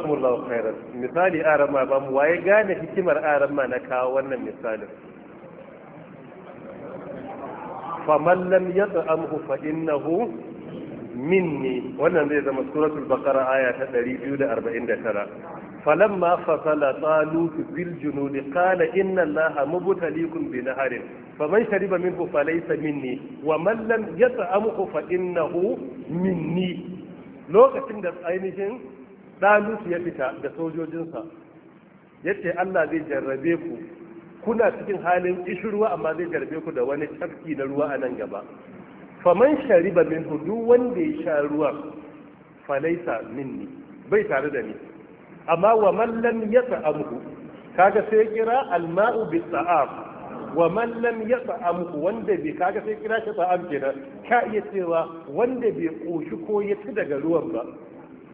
[SPEAKER 1] جزاكم الله خيرا مثالي آرما بام وايقان هكمر آرما نكا وانا مثال فمن لم يطعمه فإنه مني وانا نريد من سورة البقرة آية تدريب يولى فلما فصل طالوت بالجنود قال إن الله مبتليكم بنهر فمن شرب منه فليس مني ومن لم يطعمه فإنه مني لو قتلنا في ɗalutu ya fita da sojojinsa ya ce Allah zai jarrabe ku kuna cikin halin ishurwa amma zai jarrabe ku da wani tafki na ruwa a nan gaba faman shariba min hudu wanda ya sha ruwa falaisa minni bai tare da ni amma wa man lam yata'amhu kaga sai kira alma'u bi ta'am wa man lam yata'amhu wanda bai kaga sai kira shi ta'am kenan ka iya cewa wanda bai koshi ko ya ci daga ruwan ba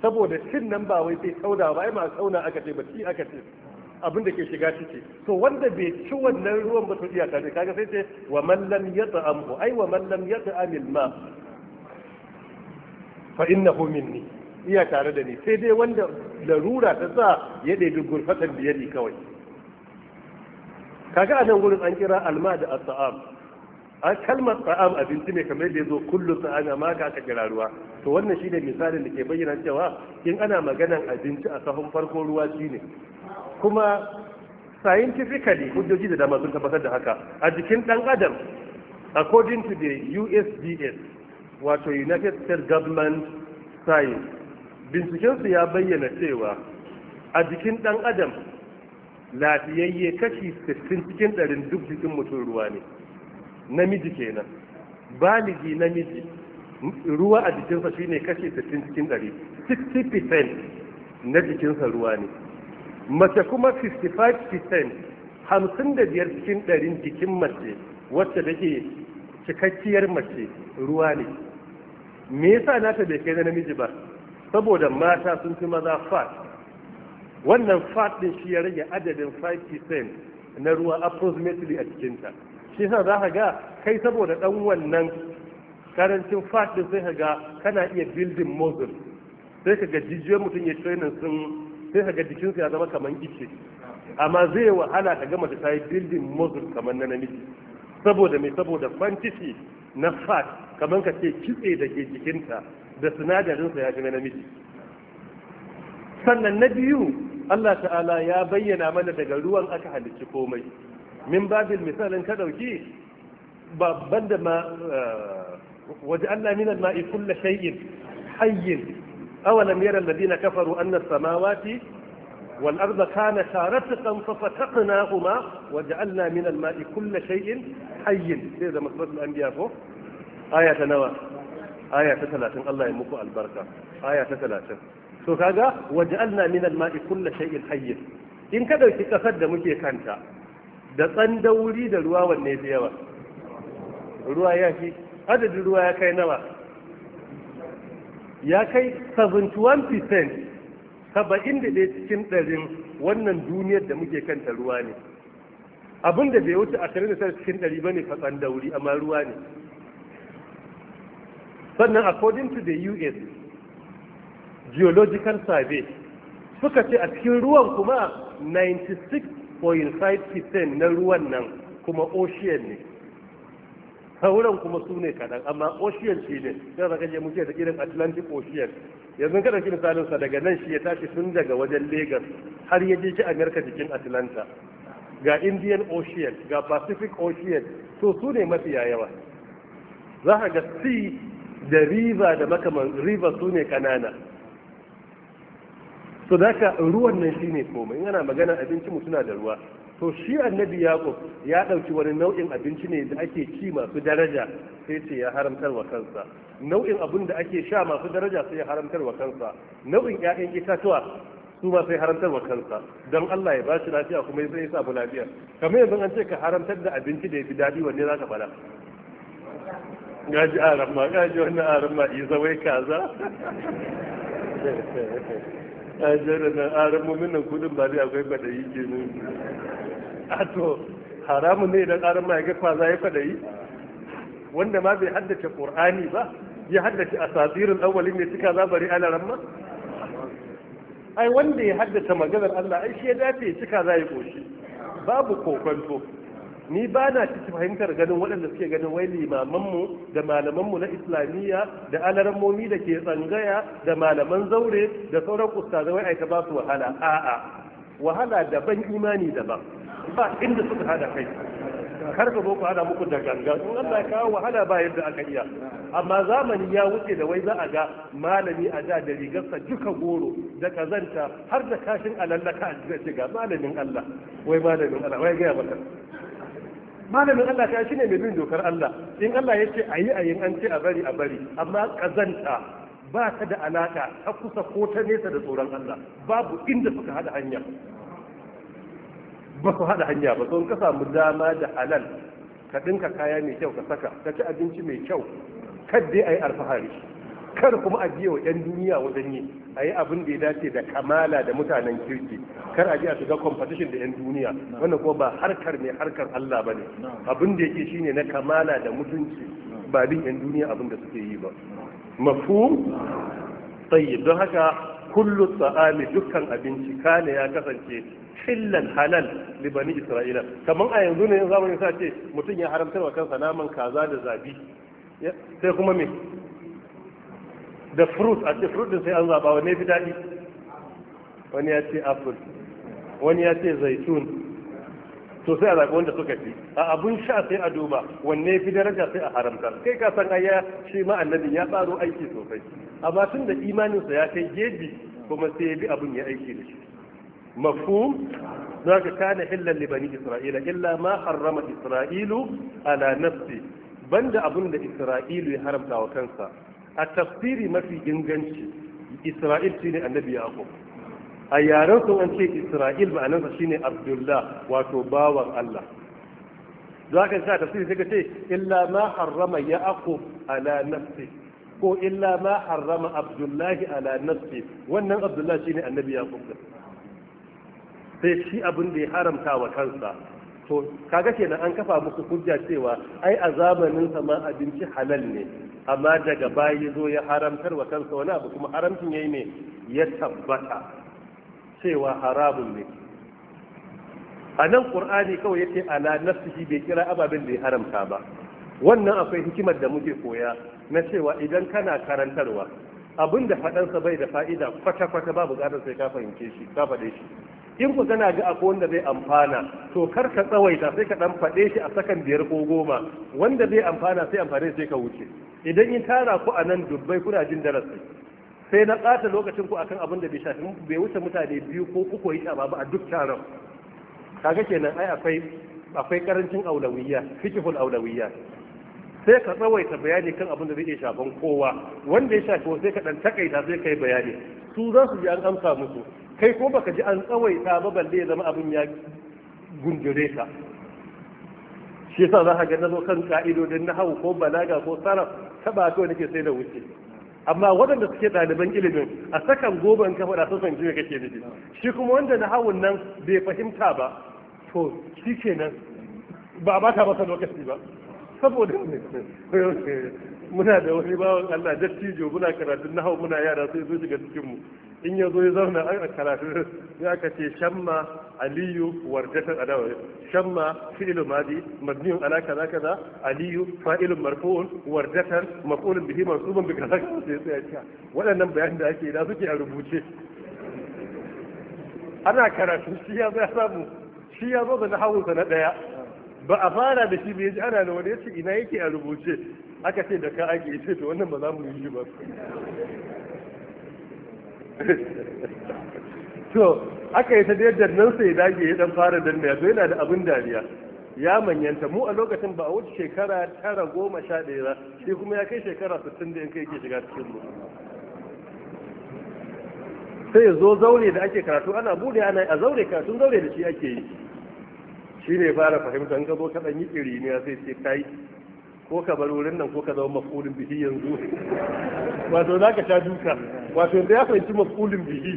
[SPEAKER 1] saboda cin nan ba wai sai tsauna ba ai ma tsauna aka ce ba ci aka ce abin da ke shiga ciki to wanda bai ci wannan ruwan ba to ta ne kaga sai ce wa man lam yata'amhu ai wa man lam yata'amil ma fa innahu minni iya tare da ni sai dai wanda larura ta sa ya ɗebi gurfatan biyari kawai kaga a nan gurin an kira alma da as'am a kalmar sa'am abinci ne kamar da ya zo kullu sa'an amma ka aka kira ruwa to wannan shine misalin da ke bayyana cewa in ana maganan abinci a sahun farko ruwa shine kuma scientifically hujjoji da dama sun tabbatar da haka a jikin dan adam according to the USDS wato United States Government Science bincikensu ya bayyana cewa a jikin dan adam lafiyayye kashi 60 cikin ɗarin duk jikin mutum ruwa ne namiji kenan baligi namiji ruwa a jikinsa shine kashi 60 cikin 60% na jikinsa ruwa ne mace kuma 55% hamsin da biyar cikin ɗarin jikin mace wacce da ke cikakkiyar mace ruwa ne me yasa nata bai kai na namiji ba saboda mata sun fi maza fat wannan fat ɗin shi ya rage adadin 5% na ruwa approximately a cikinta shi yasa za ka ga kai saboda ɗan wannan karancin fat din sai kaga kana iya building muscle sai kaga jijiyoyin mutum ya training sun sai kaga jikinsa ya zama kamar ice amma zai wahala ka gama da ta yi building muscle kamar na namiji saboda mai saboda quantity na fat kaman ka ce kitse da ke jikinta da sinadarinsa ya fi na namiji sannan na biyu Allah ta'ala ya bayyana mana daga ruwan aka halicci komai min babil misalin ka ɗauki babban da ma eh, وجعلنا من الماء كل شيء حي أولم يرى الذين كفروا أن السماوات والأرض كانتا رتقا ففتقناهما وجعلنا من الماء كل شيء حي هذا مصدر الأنبياء فوق آية نوى آية 30 الله يمكو البركة آية 30 so kaga waj'alna min al-ma'i kulli shay'in hayy in ka dauki kasar da muke kanta da tsandauri da ruwa wanne da yawa ruwa ya fi adadin ruwa ya kai nawa ya kai 71% 71 cikin ɗarin wannan duniyar da muke kanta ruwa ne abin da bai wuce ashirin da cikin ɗari ba ne fatsan dauri amma ruwa ne sannan according to the us geological survey suka ce a cikin ruwan kuma 96.5% na ruwan nan kuma ocean ne sauran kuma su ne kaɗan amma ocean shi ne sai zaka je muke da irin atlantic ocean yanzu ka ki misalin sa daga nan shi ya tashi tun daga wajen Legas har ya je shi america jikin atlanta ga indian ocean ga pacific ocean to su ne mafi yawa za ka ga sea da river da makaman river su ne kanana so da ruwan nan shi komai in ana magana abinci mu suna da ruwa to shi annabi yaqub ya dauki wani nau'in abinci ne da ake ci masu daraja sai ce ya haramtar wa kansa nau'in abin da ake sha masu daraja sai ya haramtar wa kansa nau'in ƴaƴan itatuwa su ma sai haramtar wa kansa don Allah ya bashi lafiya kuma sai ya samu lafiya kamar yanzu an ce ka haramtar da abinci da ya fi daɗi wanne za ka faɗa gaji aran ma gaji wannan aran ma isa wai kaza (laughs) gaji wannan aran mu minnan kudin ba zai akwai bada yi ke ato (laughs) to haramun ne idan aran ma ya ga kwaza ya yi wanda ma bai haddace qur'ani ba ya haddace asatirin awwalin ne suka zabari ala ramma ai wanda ya haddace maganar Allah ai shi ya dace cika za ya koshi babu kokonto ni ba na cikin fahimtar ganin waɗanda suke ganin wai limamanmu da malamanmu na islamiyya da alarammomi da ke tsangaya da malaman zaure da sauran ustazai wai aika ba su wahala a'a wahala daban imani daban ba inda suka hada kai kar ka zo hada muku da ganga in Allah ya kawo wahala ba yadda aka iya amma zamani ya wuce da wai za a ga malami a da da rigarsa duka goro da kazanta har da kashin alallaka a jira shiga malamin Allah wai malamin Allah wai ga maka malamin Allah ta shine mai bin dokar Allah in Allah ya ce ayi ayin an ce a bari a bari amma kazanta ba ta da alaka ta kusa ko ta nesa da tsoron Allah babu inda suka hada hanya ba su haɗa hanya ba sun ka samu dama da halal ka ɗinka kaya mai kyau ka saka ka ci abinci mai kyau kar dai a yi alfahari kar kuma a biya wa 'yan duniya wajen yi a yi abin da ya dace da kamala da mutanen kirki kar a je a ga competition da ɗan duniya wannan kuma ba harkar mai harkar Allah ba ne abin da yake shine na kamala da mutunci ba bin 'yan duniya abin da suke yi ba mafhum tayyib don haka kullu tsa'ami dukkan abinci kane ya kasance hillan halal li bani isra'ila kaman a yanzu ne zamanin sa ce mutum ya haramtar wa kansa naman kaza da zabi sai kuma me da fruit a ce fruit din sai an zaba ne fi daɗi wani ya ce apple wani ya ce zaitun to sai a zaɓi wanda suka fi a abun sha sai a duba wanne fi daraja sai a haramta kai ka san ayya shi ma annabi ya tsaro aiki sosai amma tun da imaninsa ya kai jeji kuma sai ya bi abun ya aiki da shi mafhum ka kana hillan li bani isra'ila illa ma harrama isra'ilu ala nafsi banda abun da isra'ilu ya haramta wa kansa a tafsiri mafi inganci isra'il shine annabi yaqub a yaren sun an ce isra'il ma'anarsa shine abdullah wato bawan allah za ka sa tafsiri sai ka ce illa ma harrama ya aku ala nafsi ko illa ma harrama abdullahi ala nafsi wannan abdullah shine annabi ya kuka sai shi abin da ya haramta wa kansa to kaga kenan an kafa muku hujja cewa ai a zamanin sa ma abinci halal ne amma daga baya zo ya haramtar wa kansa wani abu kuma haramcin yayi ne ya tabbata cewa haramun ne a nan ƙur'ani kawai yace ala nafsihi bai kira ababen da ya haramta ba wannan akwai hikimar da muke koya na cewa idan kana karantarwa abin da faɗansa bai da fa'ida kwata-kwata ba buƙatar sai ka fahimce shi ka faɗe shi in ku tana ga akwai wanda zai amfana to kar ka tsawaita sai ka ɗan faɗe shi a sakan biyar ko goma wanda zai amfana sai amfani sai ka wuce idan in tara ku a nan dubbai kuna jin darasi sai na ɓata lokacin ku akan abin da bai shafi bai wuce mutane biyu ko uku yi ba a duk taron kaga kenan ai akwai akwai karancin aulawiyya fikihul aulawiyya sai ka tsawaita bayani kan abin da zai shafan kowa wanda ya shafi sai ka dan takaita sai kai bayani su za su ji an amsa musu kai ko baka ji an tsawaita ba balle ya zama abin ya gundure ka shi yasa za ka ga zo kan ka'idodin nahawu ko balaga ko sarraf ta ba nake sai da wuce amma waɗanda suke ɗaliban ilimin a sakan goma in kafa faɗa sun jiya kake nufi shi kuma wanda na hawun nan bai fahimta ba to shi kenan ba a bata masa lokaci ba saboda muna da wani bawan Allah dattijo muna karatu na hau muna yara sai zo shiga cikinmu. in ya zo ya zauna a karatu ya aka ce shamma aliyu wardatan adawa shamma fi'ilun madi mabniyun ala kaza kaza aliyu fa'ilun marfu'un wardatan maf'ulun bihi mansubun bi kaza sai sai ya wadannan bayanan da ake da suke a rubuce ana karatu shi ya zo ya samu shi ya zo da nahawunsa na ɗaya ba a fara da shi bai ji ana da wani ya ce ina yake a rubuce aka ce da ka ake ce to wannan ba za mu yi shi ba to aka yi ta da yadda nan sai dage ya dan fara danna ya yana da abin dariya ya manyanta mu a lokacin ba a wuce shekara tara goma sha ɗaya ba shi kuma ya kai shekara sittin da yanka yake ke shiga cikin mu sai ya zo zaure da ake karatu ana bude ana a zaure karatun zaure da shi ake yi shi ne fara fahimta in ka zo ka ɗan yi iri ne sai ce kai ko ka bar wurin nan ko ka zama maf'ulin bihi yanzu wato za ka sha duka wato yanzu ya fahimci maf'ulin bihi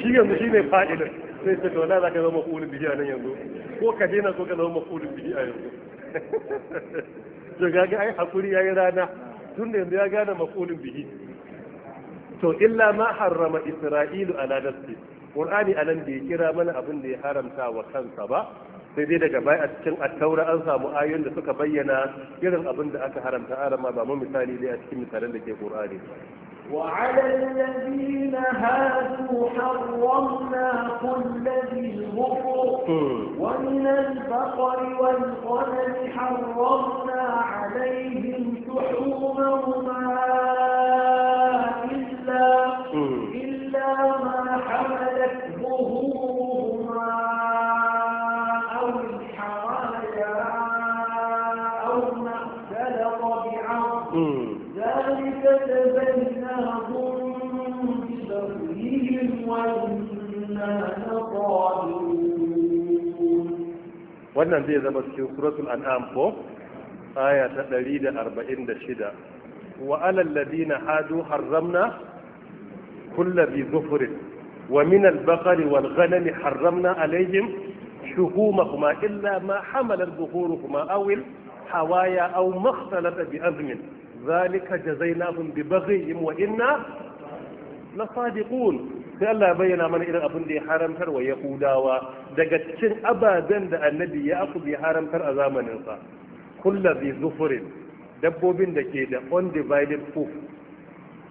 [SPEAKER 1] shi yanzu shi ne fa'ilin sai ce wala za ka zama maf'ulin bihi a nan yanzu ko ka daina ko ka zama maf'ulin bihi a yanzu (laughs) to ga ga ai hakuri yayi rana tun da yanzu ya gane maf'ulin bihi to illa ma harrama isra'ilu ala nafsi qur'ani anan bai kira mana abin da ya haramta wa kansa ba sai dai daga baya a cikin attaura an samu ayoyin da suka bayyana irin abin da aka haramta arama ba mu misali dai a cikin misalan da ke qur'ani
[SPEAKER 2] وعلى الذين هادوا حرمنا كل ذي ظفر ومن البقر والغنم حرمنا عليهم شحومهما إلا, إلا ما حملت ظهورهما
[SPEAKER 1] wannan zai zama cikin suratul an'am aya ta ɗari da 146 wa alalladina hadu harramna kulla bi zufrin wa min al-baqar wal ghanam harramna alayhim shuhumahuma illa ma hamala al-dhuhuruhuma aw al-hawaya aw ma zalika jazainahum bi baghihim wa sai Allah ya bayyana mana irin abin da ya haramtar wa Yahudawa daga cikin ababen da annabi ya aku haramtar a zamaninsa kulla bi zufurin dabbobin da ke da undivided hoof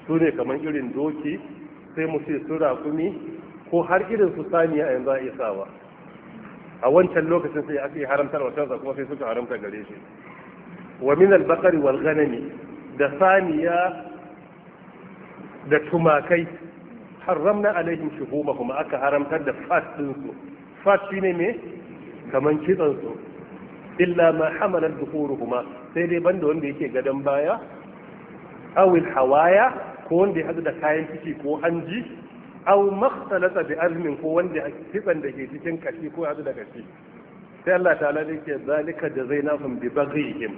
[SPEAKER 1] su ne kamar irin doki sai mu ce su rakumi ko har irin su saniya a yanzu a isawa a wancan lokacin sai aka yi haramtar wa kansa kuma sai suka haramta gare shi wa min al-baqari wal ghanami da saniya da tumakai haramna alaihim shuhumahum aka haramtar da fat dinsu fat ne me kaman kitsan su illa ma hamalat dhuhuruhuma sai dai banda wanda yake gadan baya aw hawaya ko wanda ya hadu da kayan ciki ko hanji aw makhtalata bi azmin ko wanda kitsan da ke cikin kashi ko hadu da kashi sai Allah ta'ala ne zalika jazainahum bi baghihim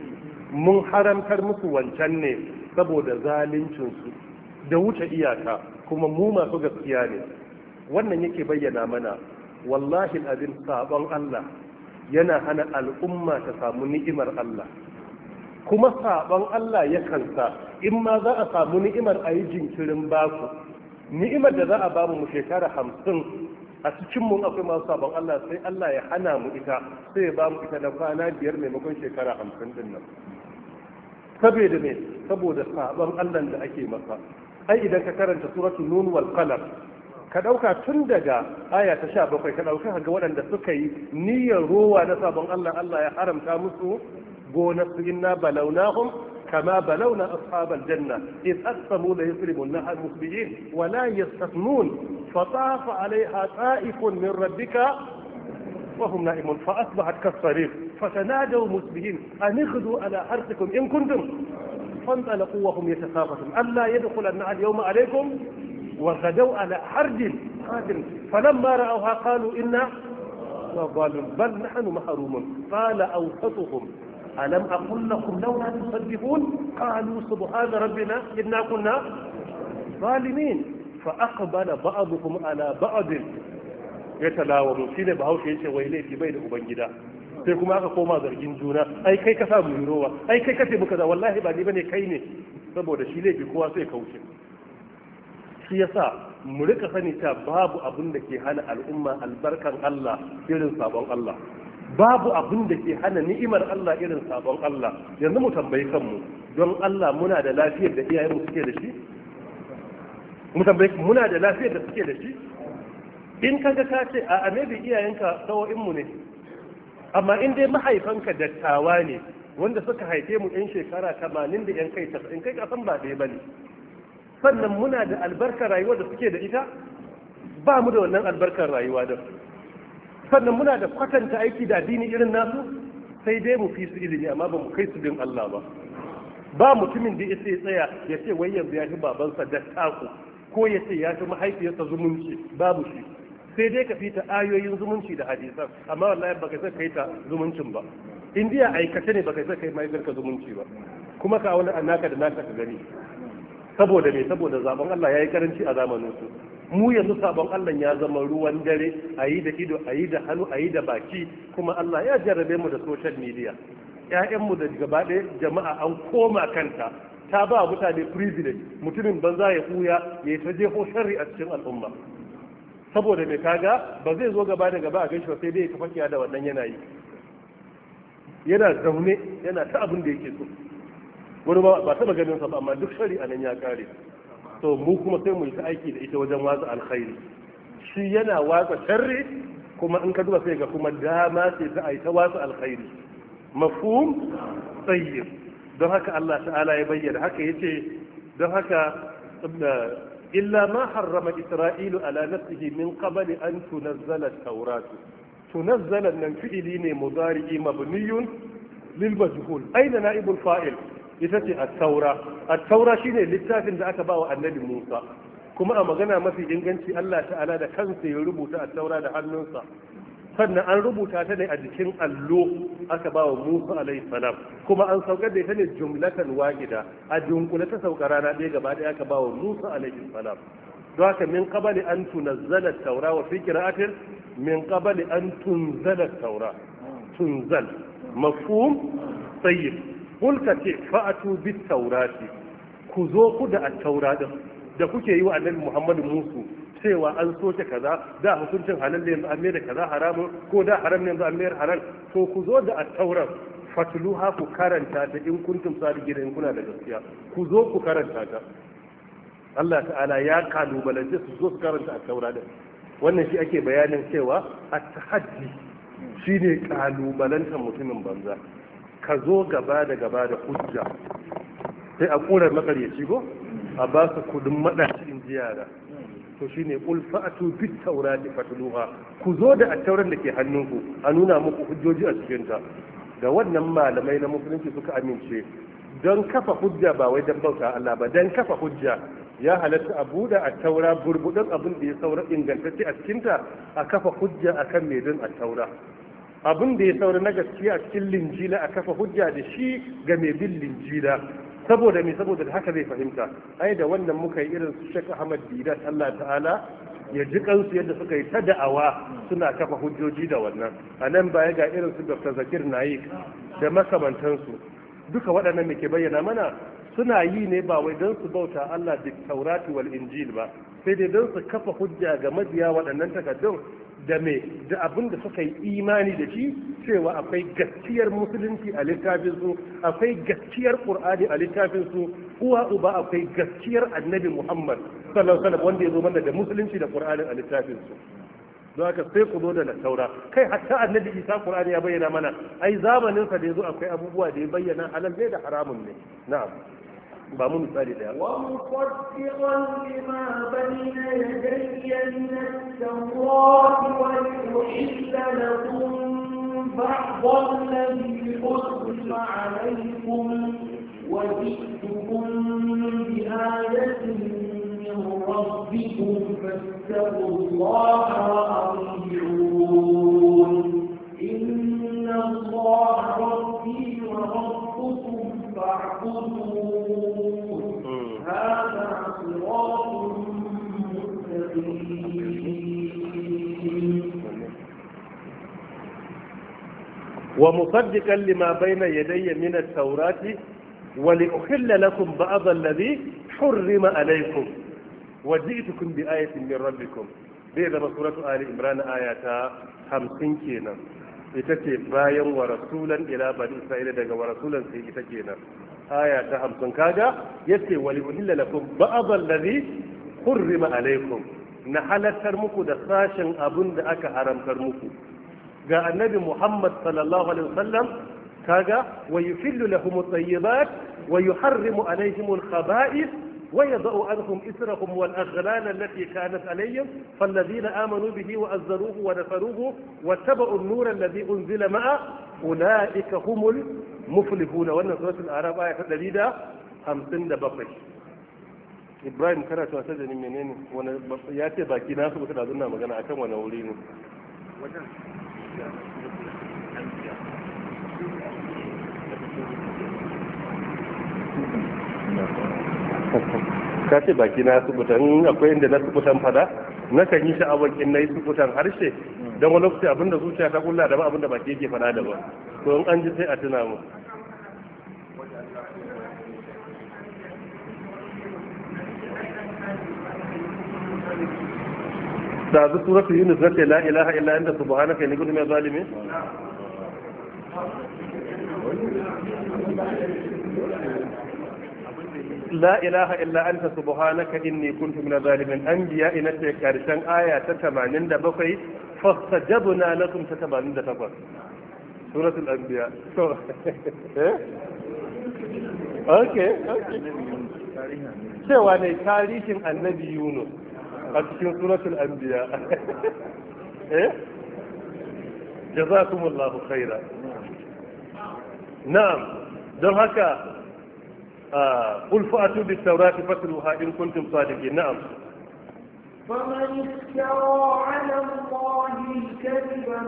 [SPEAKER 1] mun haramtar musu wancan ne saboda zaluncinsu da wuce iyaka kuma mu masu gaskiya ne wannan yake bayyana mana wallahi abin sabon Allah yana hana al'umma ta samu ni'imar Allah kuma sabon Allah ya kansa in ma za a samu ni'imar a yi jinkirin baku ni'imar da za a ba mu shekara hamsin a cikin mun akwai masu sabon Allah sai Allah ya hana mu ita sai ya ba mu ita na kwana biyar maimakon shekara hamsin din nan saboda ne saboda sabon allan da ake masa ai idan ka karanta suratu nunwal kalar, ka ɗauka tun daga aya ta sha bakwai ka dauka ga waɗanda suka yi niyyar ruwa na sabon allan Allah ya haramta musu gona su inna balawnahum kama balawna ashabal janna iz aqsamu la yusrimu nahar musbihin wa la yastathnun fa tafa alaiha ta'ifun min rabbika wa hum na'imun fa asbahat kasarif فتنادوا مسبهين أن اغدوا على حرثكم إن كنتم فانطلقوا وهم يتساقطون ألا النار اليوم عليكم وغدوا على حرد قادم فلما رأوها قالوا إنا ظالم بل نحن محرومون قال أوسطهم ألم أقل لكم لولا تصدقون قالوا سبحان ربنا إنا كنا ظالمين فأقبل بعضهم على بعض يتلاومون شيء بهوش يشي ويليه في وبين جدا sai kuma aka koma zargin juna ai kai ka samu mu ai kai ka ce muka da wallahi ba ni bane kai ne saboda shi laifi kowa sai kauce shi yasa mu rika sani ta babu abin da ke hana al'umma albarkan Allah irin sabon Allah babu abin da ke hana ni'imar Allah irin sabon Allah yanzu mu tambayi kanmu don Allah muna da lafiyar da iyayenmu suke da shi mu tambayi muna da lafiyar da suke da shi in kaga ka ce a bi iyayenka sawo'in mu ne amma in dai mahaifanka dattawa ne wanda suka haife mu yan shekara tamanin da yan kai in kai kasan ba ɗaya ba ne sannan muna da albarkar rayuwa da suke da ita ba mu da wannan albarkar rayuwa da sannan muna da kwatanta aiki da addini irin nasu sai dai mu fi su ilimi amma ba mu kai su bin Allah ba ba mutumin da ya tsaya ya ce wai yanzu ya fi babansa dattaku ko ya ce ya fi mahaifiyarsa zumunci babu shi sai dai ka fita ayoyin zumunci da hadisan amma wallahi baka sai kai ta zumuncin ba indiya aikata ne baka sai kai mai zarka zumunci ba kuma ka wani annaka da naka ka gani saboda me saboda zaben Allah yayi karanci a zamanin su mu yanzu sabon Allah ya zama ruwan dare ayi da ido ayi da hannu ayi da baki kuma Allah ya jarrabe mu da social media ƴaƴanmu da gaba ɗaya jama'a an koma kanta ta ba mutane privilege mutumin banza ya kuya ya ta jefo sharri a cikin al'umma saboda mai kaga ba zai zo gaba da gaba a gaishe ba sai dai fakiya da wannan yana yi yana zaune yana ta abin da yake so wani ba taba ganin sa ba amma duk shari a nan ya kare to mu kuma sai mu yi aiki da ita wajen watsa alkhairi shi yana watsa sharri kuma in ka duba sai ga kuma dama sai ta aita watsa alkhairi mafhum tayyib don haka Allah ta'ala ya bayyana haka yace don haka illa ma harrama isra'ilu ala nafsihi min qabli an tunazzala at-taurat tunazzala nan fi'ili ne mudari'i mabniyun lil majhul aina na'ibul fa'il ita ce at-taura at-taura shine littafin da aka ba wa annabi Musa kuma a magana mafi inganci Allah ta'ala da kansa ya rubuta at-taura da hannunsa sannan an rubuta ta ne a jikin allo aka ba wa musa alaihi salam kuma an saukar da ita ne jumlatan wahida a dunkule ta sauka rana ɗaya gaba ɗaya aka ba wa musa alaihi salam don haka min qabali an tunazzala taura wa fi qira'atin min qabali an tunzala taura tunzal mafhum tayyib qul ka ce fa'atu bit taurati ku zo ku da at-taura da kuke yi wa annabi Muhammadu Musu cewa an soke kaza da hukuncin halal ne yanzu an mai da kaza haramun ko da haram ne yanzu an mai haram to ku zo da attauran fatluha ku karanta ta in kuntum gida in kuna da gaskiya ku zo ku karanta ta Allah ta'ala ya kalubalance su zo su karanta attaura din wannan shi ake bayanin cewa at-tahaddi shine kalubalantar mutumin banza ka zo gaba da gaba da hujja sai a ƙurar makaryaci go a ba su kudin maɗaci in ji yara to shi ne fa'atu bit da fatluha ku zo da attauran da ke hannunku a nuna muku hujjoji a cikin ta da wannan malamai na musulunci suka amince don kafa hujja ba wai dan bauta Allah ba dan kafa hujja ya halatta a buɗe a taura burbuɗin abin da ya saura ingantacce a cikin ta a kafa hujja a kan mai don a taura abin da ya saura na gaskiya a cikin linjila a kafa hujja da shi ga mai bin linjila saboda mai saboda haka zai fahimta ai da wannan muka yi irin su Sheikh Ahmad Didat Allah ta'ala ya ji kansu yadda suka yi ta da'awa suna kafa hujjoji da wannan a nan baya ga irin su Dr. Zakir Naik da makamantansu duka waɗannan da ke bayyana mana suna yi ne ba wai don su bauta Allah da taurati wal injil ba sai dai don su kafa hujja ga mabiya waɗannan takardun? da me da abin da suka yi imani da shi cewa akwai gaskiyar musulunci a littafinsu akwai gaskiyar qur'ani a littafinsu uwa uba akwai gaskiyar annabi muhammad sallallahu alaihi wanda ya zo mana da musulunci da qur'ani a littafinsu don haka sai ku zo da taura kai hatta annabi isa qur'ani ya bayyana mana ai zamanin sa da yazo akwai abubuwa da ya bayyana halal ne da haramun ne na'am ba mun
[SPEAKER 2] لِمَا بَيْنَ يَدَيَّ مِنَ الله وَإِلَّا لَكُمْ بَعْضَ الَّذِي أُسْمَ عَلَيْكُمْ وَجِئْتُكُمْ بِآيَةٍ مِنْ رَبِّكُمْ فَاتَّقُوا اللَّهَ وَأَطِيعُونَ إِنَّ اللَّهَ رَبِّي وَرَبِّكُمْ هذا
[SPEAKER 1] ومصدقا لما بين يدي من التوراة ولأحل لكم بعض الذي حرم عليكم وجئتكم بآية من ربكم بإذا سورة آل عمران آية 50 كينا ita ce bayan wa rasulan ila bani isra'ila daga wa rasulan sai ita kenan aya ta hamsin kaga yace wali uhilla lakum ba'd allazi hurrima alaikum na halattar muku da sashen abun da aka haramtar muku ga annabi Muhammad sallallahu alaihi wasallam kaga wa yuhillu lahum at-tayyibat wa yuharrimu alaihim al-khaba'ith ويضع عنهم إسرهم والأغلال التي كانت عليهم فالذين آمنوا به وأزروه ونفروه واتبعوا النور الذي أنزل معه أولئك هم المفلحون وأن سورة الأعراف آية دليلة همسن دبقي Ibrahim kana cewa منين janin menene باكي ya ce baki na su
[SPEAKER 3] ba
[SPEAKER 1] (laughs) ka ce baki na subutan akwai inda na subutan fada na kan yi sha'awar in na yi subutan harshe don wani lokaci abinda zuciya ta kula da ba abinda baki yake fada da ba to in an ji sai a tuna mu da zu suratu yunus na ce la ilaha illa anta subhanaka ni kuntu mai zalimi. la ilaha illa anta
[SPEAKER 3] (laughs) eh?
[SPEAKER 1] cewa ne tarihin annabi yunus a cikin suratul anbiya (laughs) eh jazakumullahu khaira na'am don haka قل فأتوا بالتوراة فاتلوها إن كنتم صادقين نعم
[SPEAKER 2] فمن افترى على الله الكذب من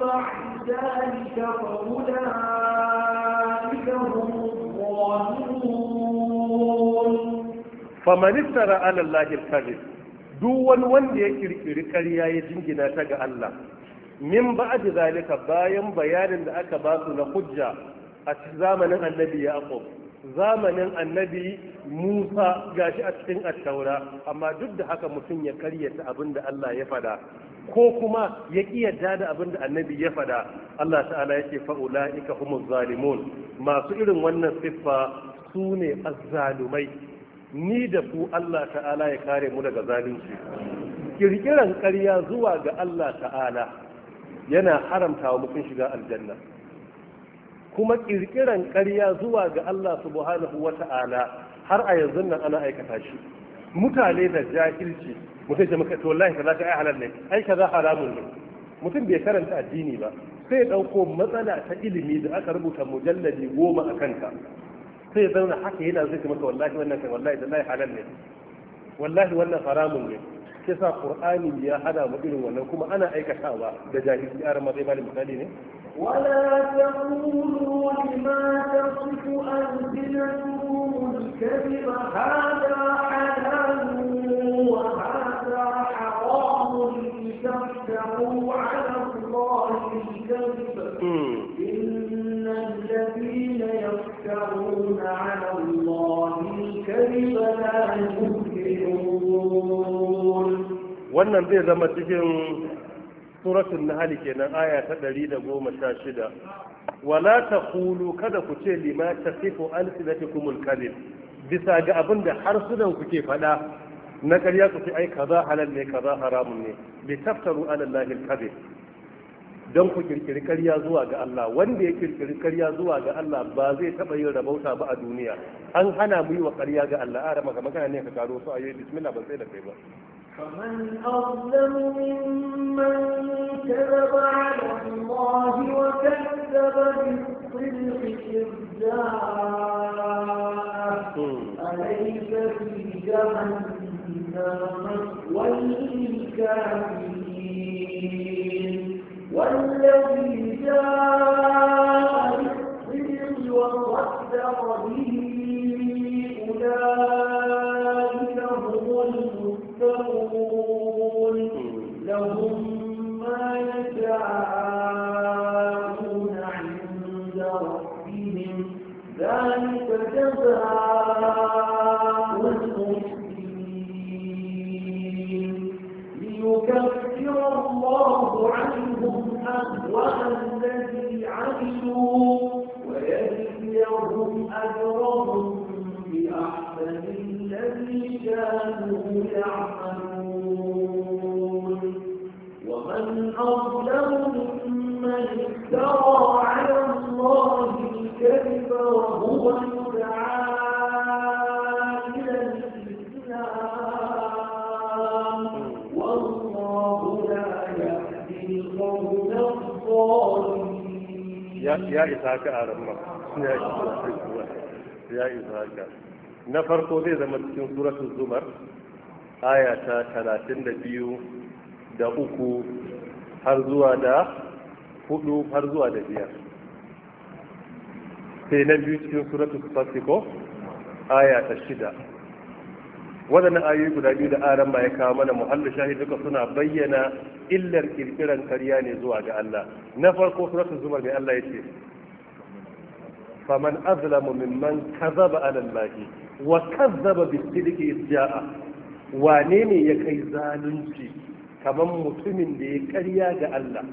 [SPEAKER 2] بعد ذلك فأولئك هم الظالمون
[SPEAKER 1] فمن افترى على الله الكذب duk wani wanda ya kirkiri ƙarya ya jingina ta ga Allah min ba'd zalika bayan bayanin da aka ba su na hujja a zamanin annabi ya zamanin annabi Musa ga shi a cikin attaura amma duk da haka mutum ya karyata abin da Allah ya fada ko kuma ya kiyarda da abinda annabi ya fada Allah ta'ala yake fa'ula'ika humuz zalimun masu irin wannan siffa su ne azzalumai ni da ku Allah ta'ala ya kare mu daga zalunci kirkiran ƙarya zuwa ga Allah ta'ala yana haramta wa mutum shiga aljanna kuma kirkiran ƙarya zuwa ga Allah subhanahu wa ta'ala har a yanzu nan ana aikata shi mutane da jahilci mutum ce maka to wallahi kaza ka ai halal ne ai kaza haramun ne mutum bai karanta addini ba sai ya dauko matsala ta ilimi da aka rubuta mujalladi goma a kanta sai ya zauna haka yana zai ce maka wallahi wannan kai wallahi da halal ne wallahi wannan haramun ne sai sa qur'ani ya hada mu irin wannan kuma ana aikatawa da jahilci a malin misali ne ولا
[SPEAKER 2] تقولوا لما تصف ألسنتكم الكذب هذا حلال وهذا حرام لتفتروا على الله الكذب إن الذين يفترون
[SPEAKER 1] على الله الكذب لا يفلحون wannan zai zama cikin suratun nahali kenan aya ta ɗari da goma sha shida wala ta kulu kada ku ce lima ta sifo alsinatikumul kalib bisa ga abin da sunan ku ke faɗa na ƙarya ku ce ai kaza halal ne kaza haramun ne bi taftaru ala lahil don ku kirkiri ƙarya zuwa ga Allah wanda ya kirkiri ƙarya zuwa ga Allah ba zai taɓa yin rabauta ba a duniya an hana mu yi wa ƙarya ga Allah a rama kamar kana ne ka karo su a yi bismillah ban sai da kai ba
[SPEAKER 2] فمن أظلم ممن كذب على الله وكذب بالصدق إذ أليس في جهنم مثوى للكافرين والذي جاء بالصدق وصدق به أولئك يذكرون لهم ما يشاءون عند ربهم ذلك جزاء المحسنين ليكفر الله عنهم أسوأ الذي عملوا ويجزيهم أجرهم كانوا يعملون ومن أظلم ممن افترى على الله الكذب وهو يدعى إلى والله لا
[SPEAKER 1] الظالمين يا إسحاق أعلم يا إسحاق يا إسحاق na farko zai zama cikin suratun zumar aya ta talatin da biyu da uku har zuwa da hudu har zuwa da biyar sai na biyu cikin suratun fasiko aya ta shida waɗannan ayoyi guda biyu da aran ma ya kawo mana muhallin shahid duka suna bayyana illar kirkiran karya ne zuwa ga Allah na farko suratun zumar mai Allah ya ce faman azlamu mimman kazaba ala allahi wa kazzaba bisidiki isja'a wane ne ya kai zalunci kamar mutumin da ya karya ga Allah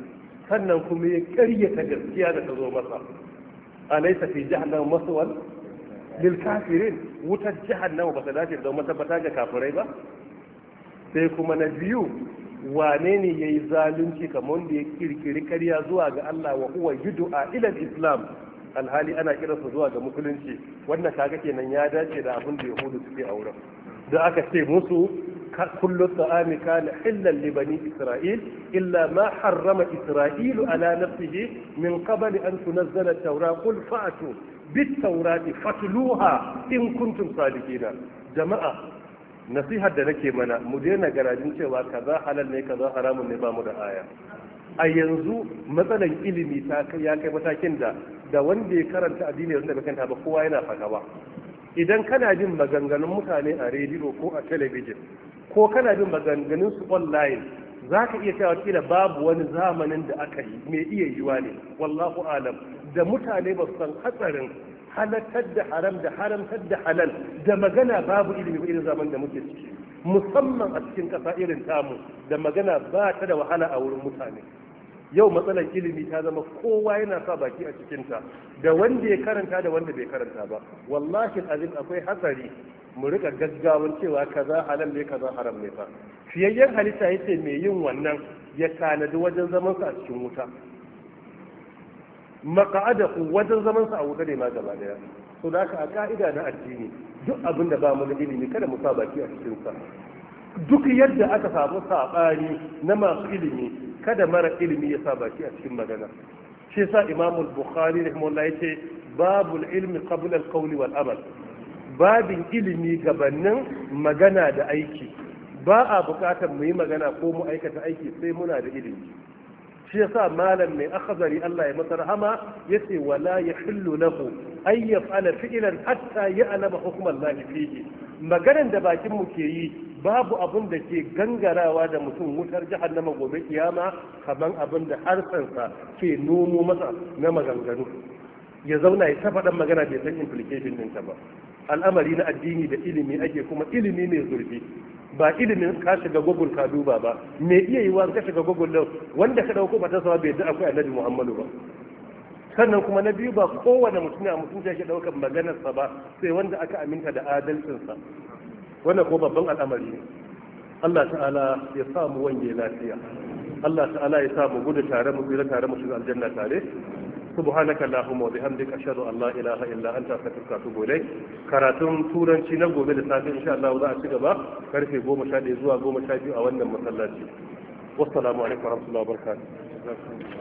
[SPEAKER 1] sannan kuma ya karya ta gaskiya da ta zo masa laisa fi jahannama maswal lil kafirin wutar jahannama ba ta dace da bata ga kafirai ba sai kuma na biyu wane ne yayi zalunci kamar da ya kirkiri karya zuwa ga Allah wa huwa yudu'a ila islam alhali ana su zuwa ga musulunci wannan kaga kenan ya dace da abin da yahudu suke a wurin da aka ce musu kullu ta'ami kana hillan li bani isra'il illa ma harrama isra'ilu ala nafsihi min qabli an tunazzala at-taura qul fa'tu bit-taurati fatluha in kuntum sadiqina jama'a nasihar da nake mana mu daina garajin cewa kaza halal ne kaza haramun ne ba mu da aya a yanzu matsalar ilimi ta ya kai matakin da da wanda ya karanta addini wanda bai ta ba kowa yana faɗa ba idan kana jin maganganun mutane a rediyo ko a talabijin ko kana jin maganganun su online za ka iya cewa kila babu wani zamanin da aka yi mai iya yiwa ne wallahu alam da mutane ba su san hatsarin halattar da haram da haramtar da halal da magana babu ilimi ba irin zaman da muke ciki musamman a cikin ƙasa irin tamu da magana ba ta da wahala a wurin mutane yau matsalar ilimi ta zama kowa yana sa baki a cikinta da wanda ya karanta da wanda bai karanta ba wallahi azim akwai hatsari mu rika gaggawan cewa kaza halal ne kaza haram ne fa fiyayyen halitta yace mai yin wannan ya tanadi wajen zaman sa a cikin wuta ku wajen zaman sa a wuta ne ma gaba daya to da ka a ka'ida na addini duk abin da ba mu da ilimi kada mu sa baki a cikin sa duk yadda aka samu sabani na masu ilimi kada mara ilimi ya sa baki a cikin magana shi sa imamul bukhari rahimahullah yace babul ilmi qabla al-qawli wal amal babin ilimi gabanin magana da aiki ba a bukatar mu yi magana ko mu aikata aiki sai muna da ilimi shi yasa malam mai akhzari Allah ya masa rahama yace wala yahillu lahu ayyaf ala fi'lan hatta ya'lama hukm Allah fihi maganar da bakin mu ke yi babu abin da ke gangarawa da mutum wutar jahannama gobe kiyama kaman abin da harsansa ke nomo masa na maganganu ya zauna ya tafaɗan magana bai san implication ɗinta ba al'amari na addini da ilimi ake kuma ilimi mai zurfi ba ilimin ka shiga google ka duba ba me iya yiwa ka shiga google din wanda ka dauko bata sawa bai da akwai annabi muhammadu ba sannan kuma na biyu ba kowane mutum ya mutum ya daukar maganar sa ba sai wanda aka aminta da adalcinsa. wannan ko babban al'amari ne Allah ta'ala ya sa mu wange lafiya Allah ta'ala ya sa mu gudu tare mu tsira tare mu shiga aljanna tare subhanaka allahumma wa bihamdika ashhadu an la ilaha illa anta astaghfiruka wa atubu ilaik karatun turanci na gobe da safe insha Allah za a ci gaba karfe 11 zuwa 12 a wannan masallaci wassalamu alaikum warahmatullahi wabarakatuh